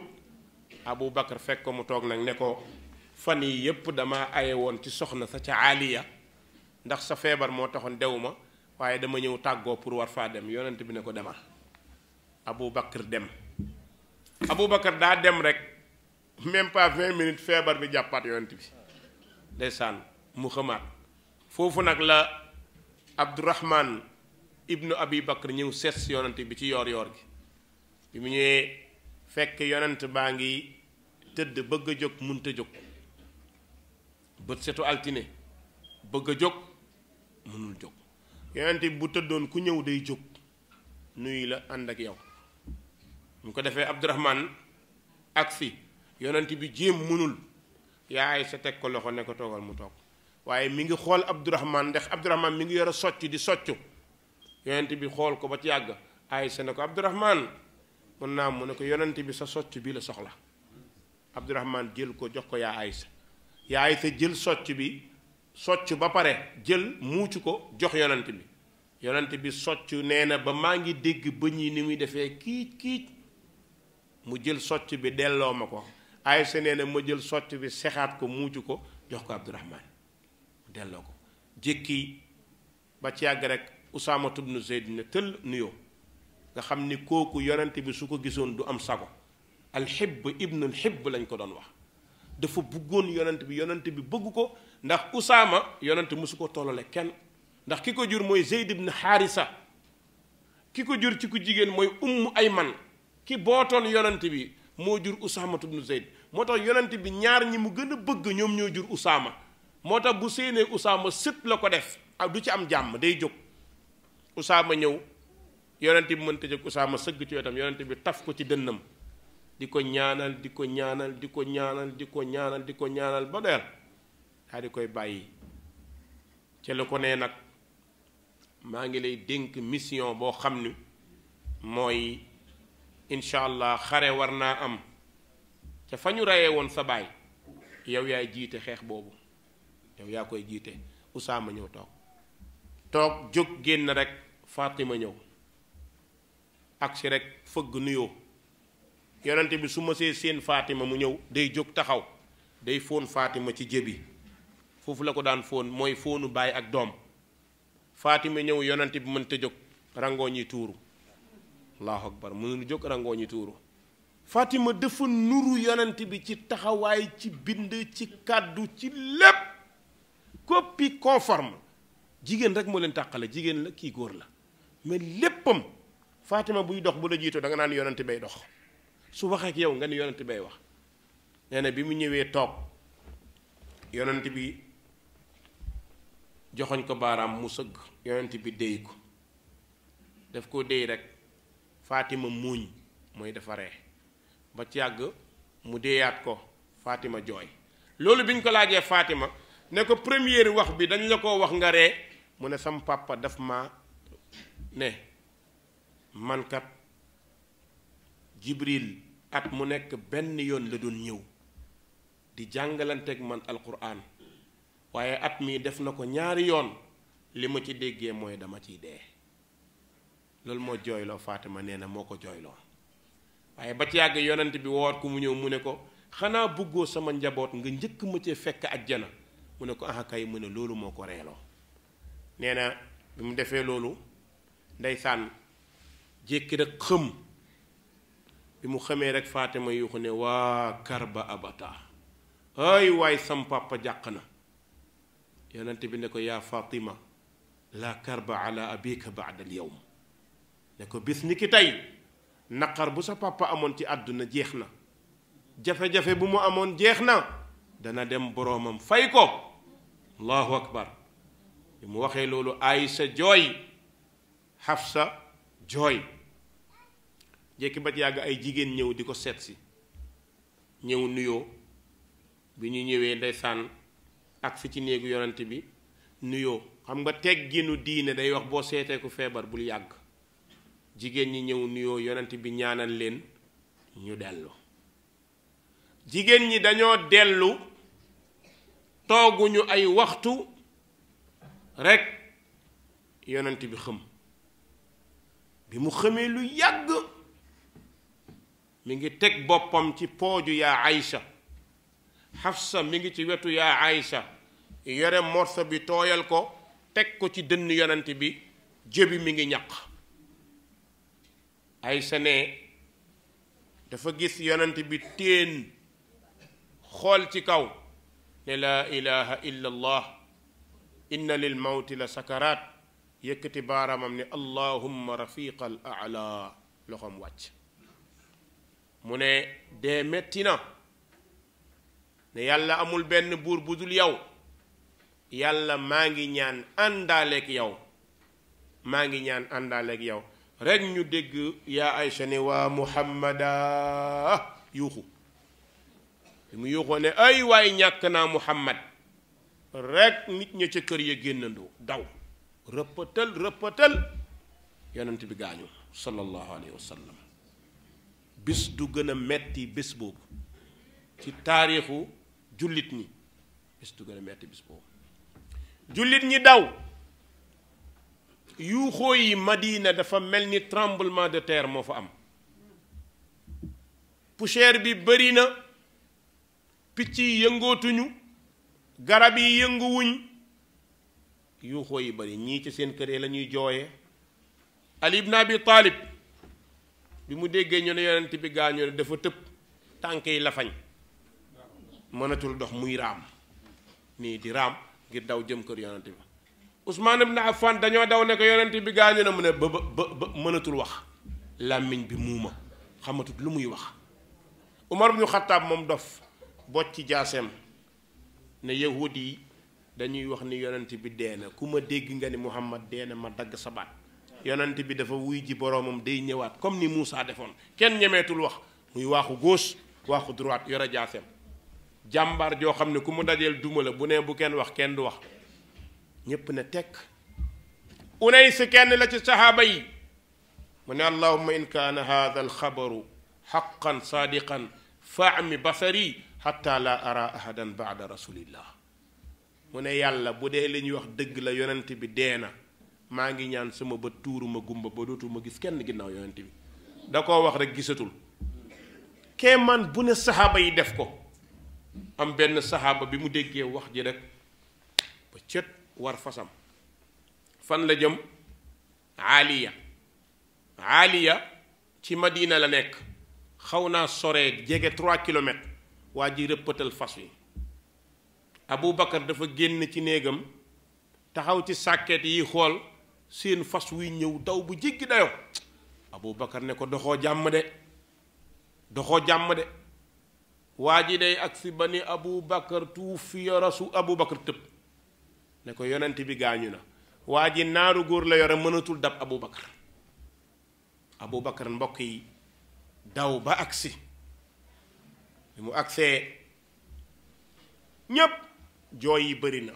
Abu Bakar fekk ko mu toog nag ne ko fan yi yépp dama aye woon ci soxna sa ca Aliya ndax sa feebar moo taxoon dew ma waaye dama ñëw tàggoo pour war faa dem yonent bi ne ko demal Abu Bakar dem Abu Bakar daa dem rek même pas vingt minutes feebar bi jàppaat yonent bi ndeysaan mu xamaat foofu nag la Abdourahman ibnu abi bakr ñëw seet si yonent bi ci yoor yoor gi bi mu ñëwee fekk yonent baa ngi tëdd bëgg a jóg munta jóg bët setu altine bëgg a jóg mënul jóg yonent bi bu tëddoon ku ñëw day jóg nuy la ànd ak yow mu ko defee ak agsi yonent bi jéem mënul yaay sa teg ko loxo ne ko toogal mu toog waaye mi ngi xool abdurahman ndax abdurahman mi ngi yor a socc di soccu yonent bi xool ko ba ci yàgg Aysa ne ko Abdurahman mun naa mu ne ko yonant bi sa socc bii la soxla Abdurahman jël ko jox ko yaa Aysa yaa jël socc bi socc ba pare jël muucu ko jox yonent bi yonant bi socc nee na ba maa ngi dégg bëñ yi ni muy defee kiic kiic mu jël socc bi delloo ma ko Aysa nee na ma jël socc bi sexaat ko muucu ko jox ko Abdurahman delloo ko jékki ba ci yàgg rek usaamatu bnu zeyd ne tëll nuyoo nga xam ni kooku yonent bi su ko gisoon du am sago alxibb ibnul xibb lañ ko doon wax dafa bëggoon yonent bi yonent bi bëgg ko ndax usaama yonent mosu ko tollale kenn ndax ki ko jur mooy zeyd ibn xaarisa ki ko jur ci jigéen mooy umm ayman ki bootoon yonent bi moo jur usaamatu bnu moo tax yonent bi ñaar ñi mu gën a bëgg ñoom ñoo jur usaama moo tax bu séenee usaama sët la ko def ah, du ci am jàmm day jóg usaama ñëw yonent bi mënta jëkk usaama sëgg ci wetam yonent bi taf ko ci dënnam di ko ñaanal di ko ñaanal di ko ñaanal di ko ñaanal di ko ñaanal ba doyal daa di koy bàyyi ci la ko nee nag maa ngi lay dénk mission boo xam ni mooy incha allah xare war naa am ca fa ñu reyee woon sa baay yow yaay jiite xeex boobu yow yaa koy jiite usaama ñëw toog toog jóg génn rek Fatima ñëw agsi rekk fëgg nuyoo yonent bi su ma see seen Fatima mu ñëw day jóg taxaw day fóon Fatima ci jébi foofu la ko daan fóon mooy fóonu baay ak doom Fatima ñëw yonent bi mënta jóg rangoo ñi tuuru allahu akbar mënul jóg rangoo ñi tuuru Fatima dafa nuru yonent bi ci taxawaay ci bind ci kàddu ci lépp copie conforme jigéen rek moo leen tàqale jigéen la kii góor la mais léppam Fatima buy dox bu la jiitoo danga naan yonent bay dox su wax ak yow nga ni yonent bay wax nee na bi mu ñëwee toog yonant bi joxoñ ko baaraam mu sëgg yonent bi déy ko daf ko déy rek Fatima muuñ mooy dafa ree ba ci yàgg mu déeyaat ko Fatima jooy loolu bi ñu ko laajee Fatima ne ko première wax bi dañ la ko wax nga ree mu ne sam papa daf ma ne mankat jibril at mu nekk benn yoon la doon ñëw di jàngalanteeg man alquran waaye at mii def na ko ñaari yoon li ma ci déggee mooy dama ciy dee loolu moo jooyloo Fatima nee na moo ko jooyloo waaye ba ci yàgg yonent bi woor ku mu ñëw mu ne ko xanaa bëggoo sama njaboot nga njëkk ma ci fekk ajjana mu ne ko ah kay mu ne loolu moo ko reeloo nee na bi mu defee loolu ndeysaan jékki rek xëm bi mu xamee rek Fatima yuuxu ne waa karba abata ay waay sam papa jàq na yonent bi ne ko yaa Fatima la karba abika baada al yawm ne ko bis ni ki tey naqar bu sa papa amoon ci àdduna jeex na jafe-jafe bu mu amoon jeex na dana dem boroomam fay ko allahu akbar bi mu waxee loolu Aïcha jooy xaf sa jooy jekki ba yàgg ay jigéen ñëw di ko seet si ñëw nuyoo bi ñu ñëwee ndeysaan ak fi ci néegu yonent bi nuyoo xam nga tegginu diine day wax boo seetee ku feebar bul yàgg jigéen ñi ñëw nuyoo yonent bi ñaanal leen ñu dellu jigéen ñi dañoo dellu tooguñu ay waxtu rekk yonant bi xëm bi mu xamee lu yàgg mi ngi teg boppam ci pooju yaa Aïcha Xafsa mi ngi ci wetu yaa Aïcha yore morso bi tooyal ko teg ko ci dënn yonant bi jébi mi ngi ñaq Aïcha ne dafa gis yonant bi téen xool ci kaw ne laa ilaha illa allah inna lil mawti la sakaraat yëkkati baaramam ni allahumma rafiqal ala loxoom wàcc mu ne dee metti na ne yàlla amul benn buur bu dul yow yàlla maa ngi ñaan àndaaleeg yow maa ngi ñaan àndaaleeg yow rek ñu dégg yaa Aysa ne waa muhammada yuuxu mu yuuxoo ne ay waay ñàkk naa muhammad rek nit ña ca kër ya génnandoo daw rëppatal rëppatal yonent bi gaañu sallallahu alayhi wa bis du gën a metti bés boobu ci taarixu jullit ñi bis du gën a metti bés boobu jullit ñi daw yuuxoo yi Madina dafa mel ni tremblement de terre moo fa am poussière bi bari na picc yi yëngootuñu garab yi yënguwuñ yuuxoo yi bari ñii ci seen kër yi la ñuy jooyee ali ibn abi taalib bi mu déggee ñu ne yonent bi gaañoo ne dafa tëb tànk yi lafañ mënatul dox muy raam nii di raam ngir daw jëm kër yonent bi Ousmane ibn Affan dañoo daw ne yonent bi gaañoo na mu ne ba ba ba mënatul wax làmmiñ bi muuma xamatut lu muy wax Umar ibn Xattaab moom dof bocc jaaseem ne yahudi yi dañuy wax ni yonent bi dee ku ma dégg nga ni Muhammad dee na ma dagg sa baat yonent bi dafa wuy ji boroomam day ñëwaat comme ni Moussa defoon kenn ñemeetul wax muy waaxu gauche waaxu droite yore jaaseem jàmbar joo xam ne ku mu dajeel duma la bu nee bu kenn wax kenn du wax ñépp ne tekk unay si kenn la ci saxaaba yi mu ne allahuma in kaana hada alxabaru xaqan saadiqan faami basari xatta laa ara ahadan baada rasulillah mu ne yàlla bu dee li ñuy wax dëgg la yonent bi dee na maa ngi ñaan sama bët tuuruma gumba ba dootuma gis kenn ginnaaw yonent bi da ko wax rek gisatul keemaan bu ne saxaaba yi def ko am benn saxaaba bi mu déggee wax ji rek ba cët war fasam fan la jëm aaliya aaliya ci madina la nekk xaw naa soree jege 3 kilomètres waa ji rëppatal fas wi abu bakar dafa génn ci néegam taxaw ci sàkket yi xool seen fas wuy ñëw daw bu jéggi dayo abu bakar ne ko doxoo jàmm de doxoo jàmm de waa ji day agsi ba ni abu bakar tuufiya rasu abu bakar tëb ne ko yonant bi gaañu na waa ji naaru góor la yore mënatul dab abu bakar abu bakar mbokk yi daw ba agsi bi mu agsee ñépp jooy yi bëri na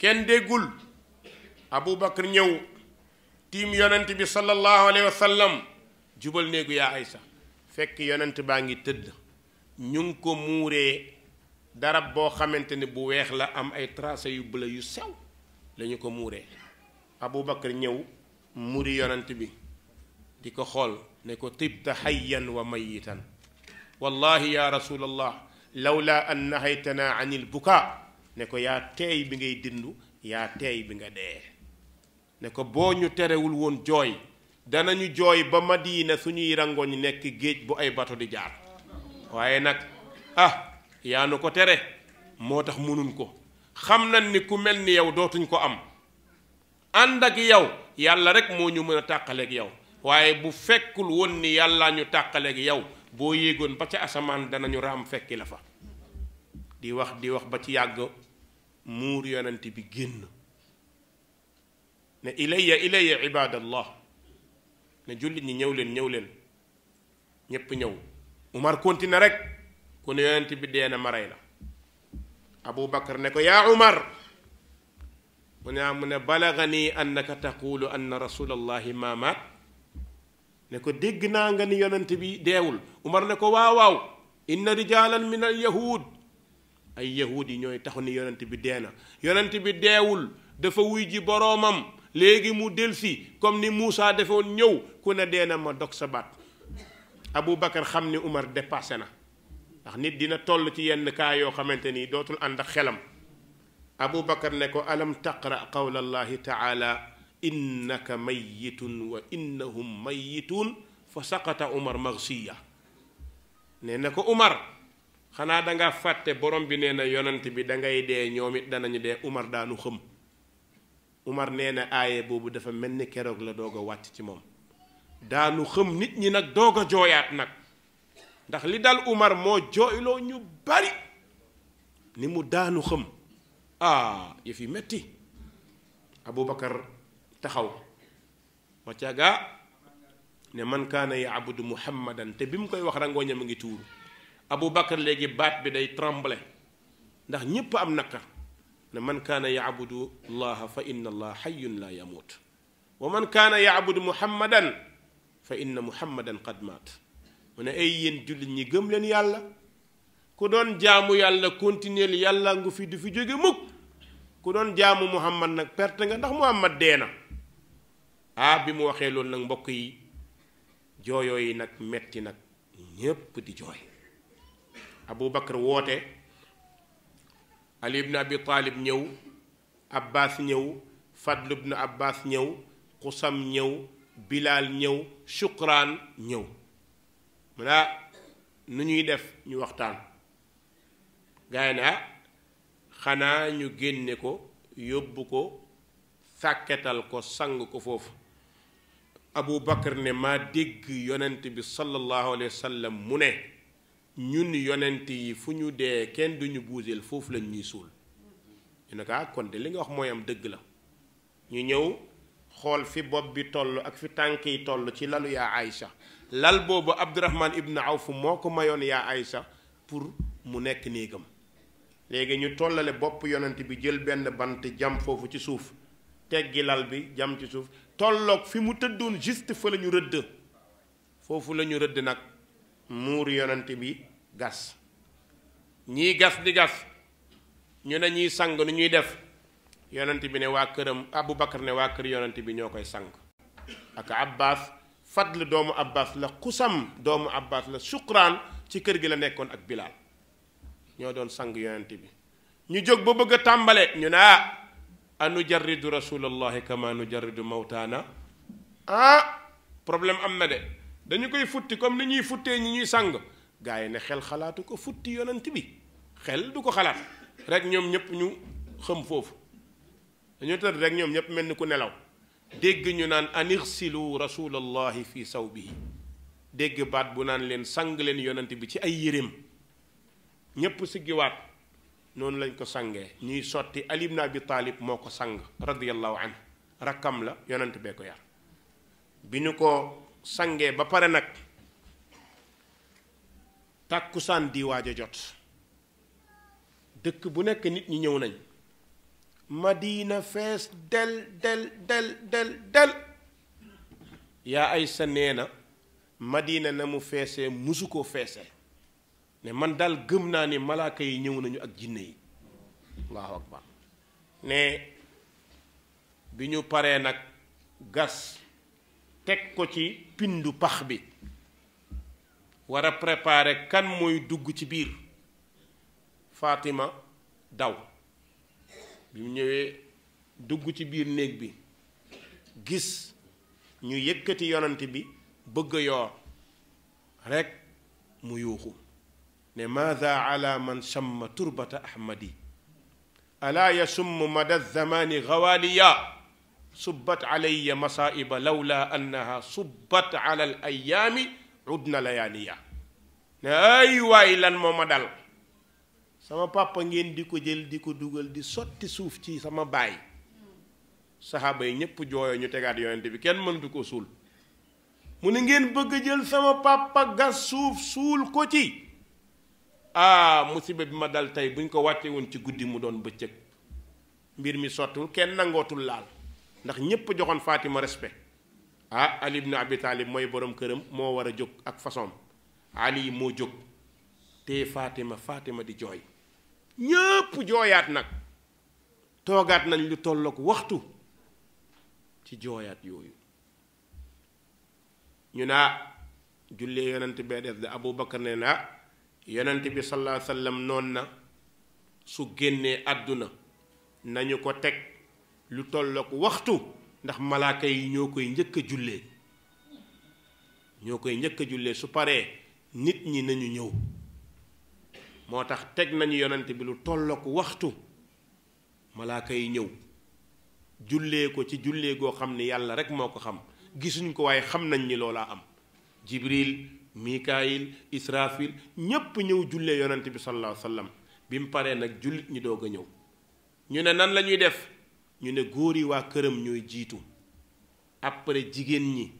kenn déggul abubakar ñëw tiim yonent bi sallallahu alayhi wa jubal néegu yaa aysa fekk yonent baa ngi tëdd ñu ngi ko muuree darab boo xamante ne bu weex la am ay tracé yu bëla yu sew lañu ko muuree abubakar ñëw muri yonent bi di ko xool ne ko tibta hayyan wa mayitan wallahi ya rasulallah lawla an nahaytana anil bukaa ne ko yaa teey bi ngay dindu yaa teey bi nga dee ne ko boo ñu terewul woon jooy danañu jooy ba ma Madina suñuy rangoñ nekk géej bu ay bato di jaar waaye nag ah yaa nu ko tere moo tax mënuñ ko xam nañ ni ku mel ni yow dootuñ ko am ànd ak yow yàlla rek moo ñu mën a tàqaleek yow waaye bu fekkul woon ni yàlla ñu tàqaleeg yow boo yéegoon ba ca asamaan danañu raam fekki la fa di wax di wax ba ci yàgg muur yonent bi génn ne ilayya ilayya ibadallah ne jullit ñi ñëw leen ñëw leen ñépp ñëw Umar continué rek ku ne yonent bi dee na maray Abu Bakar ne ko yaa Umar mu ne mu ne balagani annaka taqulu anna rasulallahi ma maat ne ko dégg naa nga ni yonent bi deewul Umar ne ko waaw waaw inna min al ay yahud yi ñooy taxu ni yonent bi dee na yonent bi deewul dafa wuy ji boroomam léegi mu delsi comme ni Moussa defoon ñëw ku ne dee na ma dog sa baat Abu Bakar xam ni Umar dépassé na ndax nit dina toll ci yenn kaa yoo xamante ni dootul ànd xelam Abu Bakar ne ko alam taqra qawla allahi taala innaka mayyitun wa innahum mayyitun fa saqata Umar ko Umar xanaa danga fàtte borom bi nee na yonant bi dangay dee ñoom it danañu dee Umar daanu xëm Umar nee na aaye boobu dafa mel ni keroog la doog a wàcc ci moom daanu xëm nit ñi nag doog a jooyaat nag ndax li dal Umar moo jooyloo ñu bari ni mu daanu xëm ah yëf yi metti Abubakar taxaw waccaga ne man kaana yaabudu muhammadan te bi mu koy wax rangooñam a ngi tuuru abu Aboubacar léegi baat bi day tremble ndax ñépp am naqar ne man kaana yaabudu llaha fa inna allah xayun laa yamuut wa man kaana yaabudu muhammadan fa inna muhammadan qad maat mu ne ay yéen jullit ñi gëm leen yàlla ku doon jaamu yàlla continuer yàlla ngu fi du fi jóge mukk ku doon jaamu muhammad nag perte nga ndax muhammad dee na aa ah, bi mu waxee loolu nag mbokk yi jooyoo yi nag metti nag ñépp di jooy abu bakar woote ali ibnu abi taalib ñëw abbas ñëw fadl ibnu abbas ñëw xusam ñëw bilaal ñëw shukraan ñëw munaa ah, nu ñuy def ñu waxtaan gaay na ah, xanaa ñu génne ko yóbbu ko sàkketal ko sang ko foofu abu bakar ne maa dégg yonent bi sallallahu alayhi wa mu ne ñun yonent yi fu ñu dee kenn duñu buuseel foofu lañ ñuy suul ñu ne ko ah kon de li nga wax mooy am dëgg la ñu ñëw xool fi bopp bi toll ak fi tànk yi toll ci lalu yaa Aïcha lal boobu Abdurahman ibn Awf moo ko mayoon yaa Aïcha pour mu nekk néegam léegi ñu tollale bopp yonent bi jël benn bant jam foofu ci suuf teggi lal bi jam ci suuf tolloog fi mu tëddoon juste fa la ñu rëdd foofu la ñu rëdd nag muur yonant bi gas ñii gas di gas ñu ne ñuy sang nu ñuy def yonant bi ne waa këram Abu Bakar ne waa kër yonent bi ñoo koy sang ak Abbas Fadl doomu Abbas la Xusam doomu Abbas la Suqraan ci kër gi la nekkoon ak Bilaal ñoo doon sang yonent bi ñu jóg ba bëgg a tàmbale ñu ne ah anu jarridu rasulallahi kama nu jarridu mawtaana ah problème am na de dañu koy futti comme ni ñuy futtee ñi ñuy sàng gars yi ne xel xalaatu ko futti yonent bi xel du ko xalaat rek ñoom ñëpp ñu xëm foofu dañoo tëdd rek ñoom ñëpp mel ni ku nelaw dégg ñu naan anirsilu rasulallahi fi sawbihi dégg baat bu naan leen sang leen yonent bi ci ay yéreem ñépp siggiwaat noonu lañ ko sangee ñuy sotti ali ibn abi taalib moo ko sang radiallahu anhu rakkam la yonent bee ko yar bi ñu ko sange ba pare nag tàkkusaan di jot dëkk bu nekk nit ñi ñëw nañ madina fees del del del del yaa ay sa nee na na mu feesee musu koo feese ne man daal gëm naa ni malaaka yi ñëw nañu ak jinne yi allahu akbar ne bi ñu paree nag gas teg ko ci pindu pax bi war a kan mooy dugg ci biir faatima daw bi mu ñëwee dugg ci biir néeg bi gis ñu yëkkati yonant bi bëgg yoor rekk mu yuuxu ne maada ala man samma turbata ahmadi alaa yasum mada zamani gawaaliya subbat alayya masaiba lawla annaha subbat ala al ayaami udna layaaniya lan moo ma dal sama papa ngeen di ko jël di ko dugal di sotti suuf ci sama baay saxaaba yi ñépp jooyo ñu tegaat yonente bi kenn mënatu ko suul mu ne ngeen bëgg a jël sama pàppa gas suuf suul ko ci ah musiba bi ma dal tey buñ ko wàcce woon ci guddi mu doon bëccëg mbir mi sottiwul kenn nangootul laal ndax ñépp joxoon Fatima respect ah Ali ibn Abi mooy boroom këram moo war a jóg ak façon Ali moo jóg te Fatima Fatima di jooy ñépp jooyaat nag toogaat nañ lu tollook waxtu ci jooyaat yooyu ñu naa ah, jullee yonent bee def da Abu Bakar ne na yonent bi sallallahu alayhi noon na su génnee àdduna nañu ko teg lu tollook waxtu ndax malaaka yi ñoo koy njëkk a jullee ñoo koy njëkk a su paree nit ñi nañu ñëw moo tax teg nañu yonant bi lu tolloog waxtu malaaka yi ñëw jullee ko ci jullee goo xam ne yàlla rek moo ko xam gisuñ ko waaye xam nañ ni loolaa am jibril mikaayil israfil ñépp ñëw jullee yonent bi sallallahu alayhi bi mu paree nag jullit ñi doog a ñëw ñu ne nan lañuy def ñu ne góor yi waa këram ñooy jiitu après jigéen ñi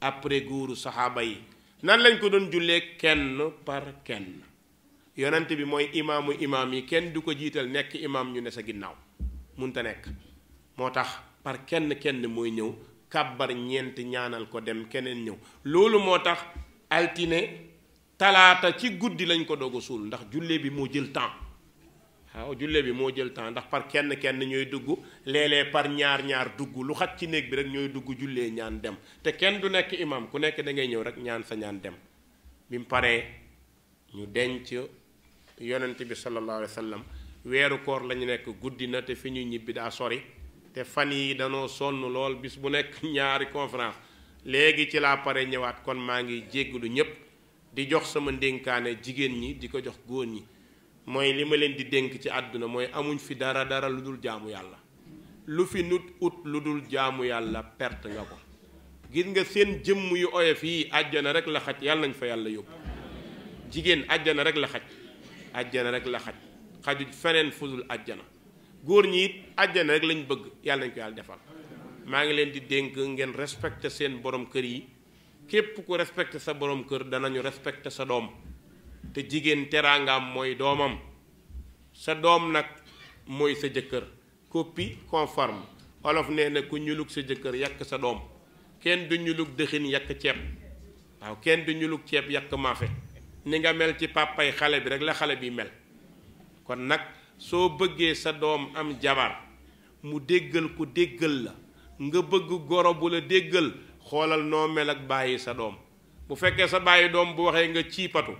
après góoru saxaaba yi nan lañ ko doon jullee kenn par kenn yonent bi mooy imaamu imaam yi kenn du ko jiital nekk imaam ñu ne sa ginnaaw mun munta nekk moo tax par kenn kenn mooy ñëw kàbbar ñeent ñaanal ko dem keneen ñëw loolu moo tax altine talaata ci guddi lañ ko doog suul ndax jullee bi moo jël temps waaw ah, julle bi moo jël temps ndax par kenn kenn ñooy dugg léeg-léeg par ñaar ñaar dugg lu xat ci néeg bi rek ñooy dugg julle ñaan dem te kenn du nekk imam ku nekk da ngay ñëw rek ñaan sa ñaan dem bi mu paree ñu denc yonent bi sallallahu alayhi wa sallam weeru koor la ñu nekk guddi na te fi ñu ñibbi daa sori te fan yi danoo sonn lool bis bu nekk ñaari conférence léegi ci laa pare ñëwaat kon maa ngi jéggalu ñépp di jox sama ndénkaane jigéen ñi di ko jox góor ñi mooy li ma leen di dénk ci àdduna mooy amuñ fi dara dara lu dul jaamu yàlla lu fi nut ut lu dul jaamu yàlla perte nga ko gis nga seen jëmm yu oyof yi àjjana rek la xaj yàlla nañ fa yàlla yóbbu jigéen àjjana rek la xaj àjjana rek la xaj xaju feneen àjjana góor ñi it àjjana rek lañ bëgg yàlla nañ ko yàlla defal maa ngi leen di dénk ngeen respecté seen borom kër yi képp ku respecté sa borom kër danañu respecté sa doom te jigéen teraangaam mooy doomam sa doom nag mooy sa jëkkër copie konforme olof nee na ku ñulug sa jëkkër yàq sa doom kenn du ñulug dëxin yàq ceeb waaw kenn du ñulug ceeb yàq maafe ni nga mel ci pàppay xale bi rek la xale bi mel kon nag soo bëggee sa doom am jabar mu déggal ku déggal la nga bëgg goro bu la déggal xoolal noo mel ak bàyyi sa doom bu fekkee sa bàyyi doom bu waxee nga ciipatu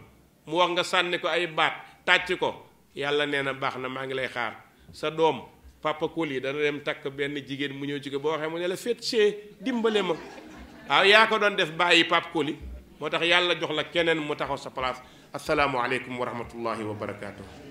mu wax nga sànni ko ay baat tàcc ko yàlla nee na baax na maa ngi lay xaar sa doom papa Koli dana dem takk benn jigéen mu ñëw ci ko boo waxee mu ne la féet see dimbale ma waaw ah, yaa ko doon def bàyyi papa Koli moo tax yàlla jox la keneen mu taxaw sa place asalaamualeykum wa rahmatullahi wa barakaatu.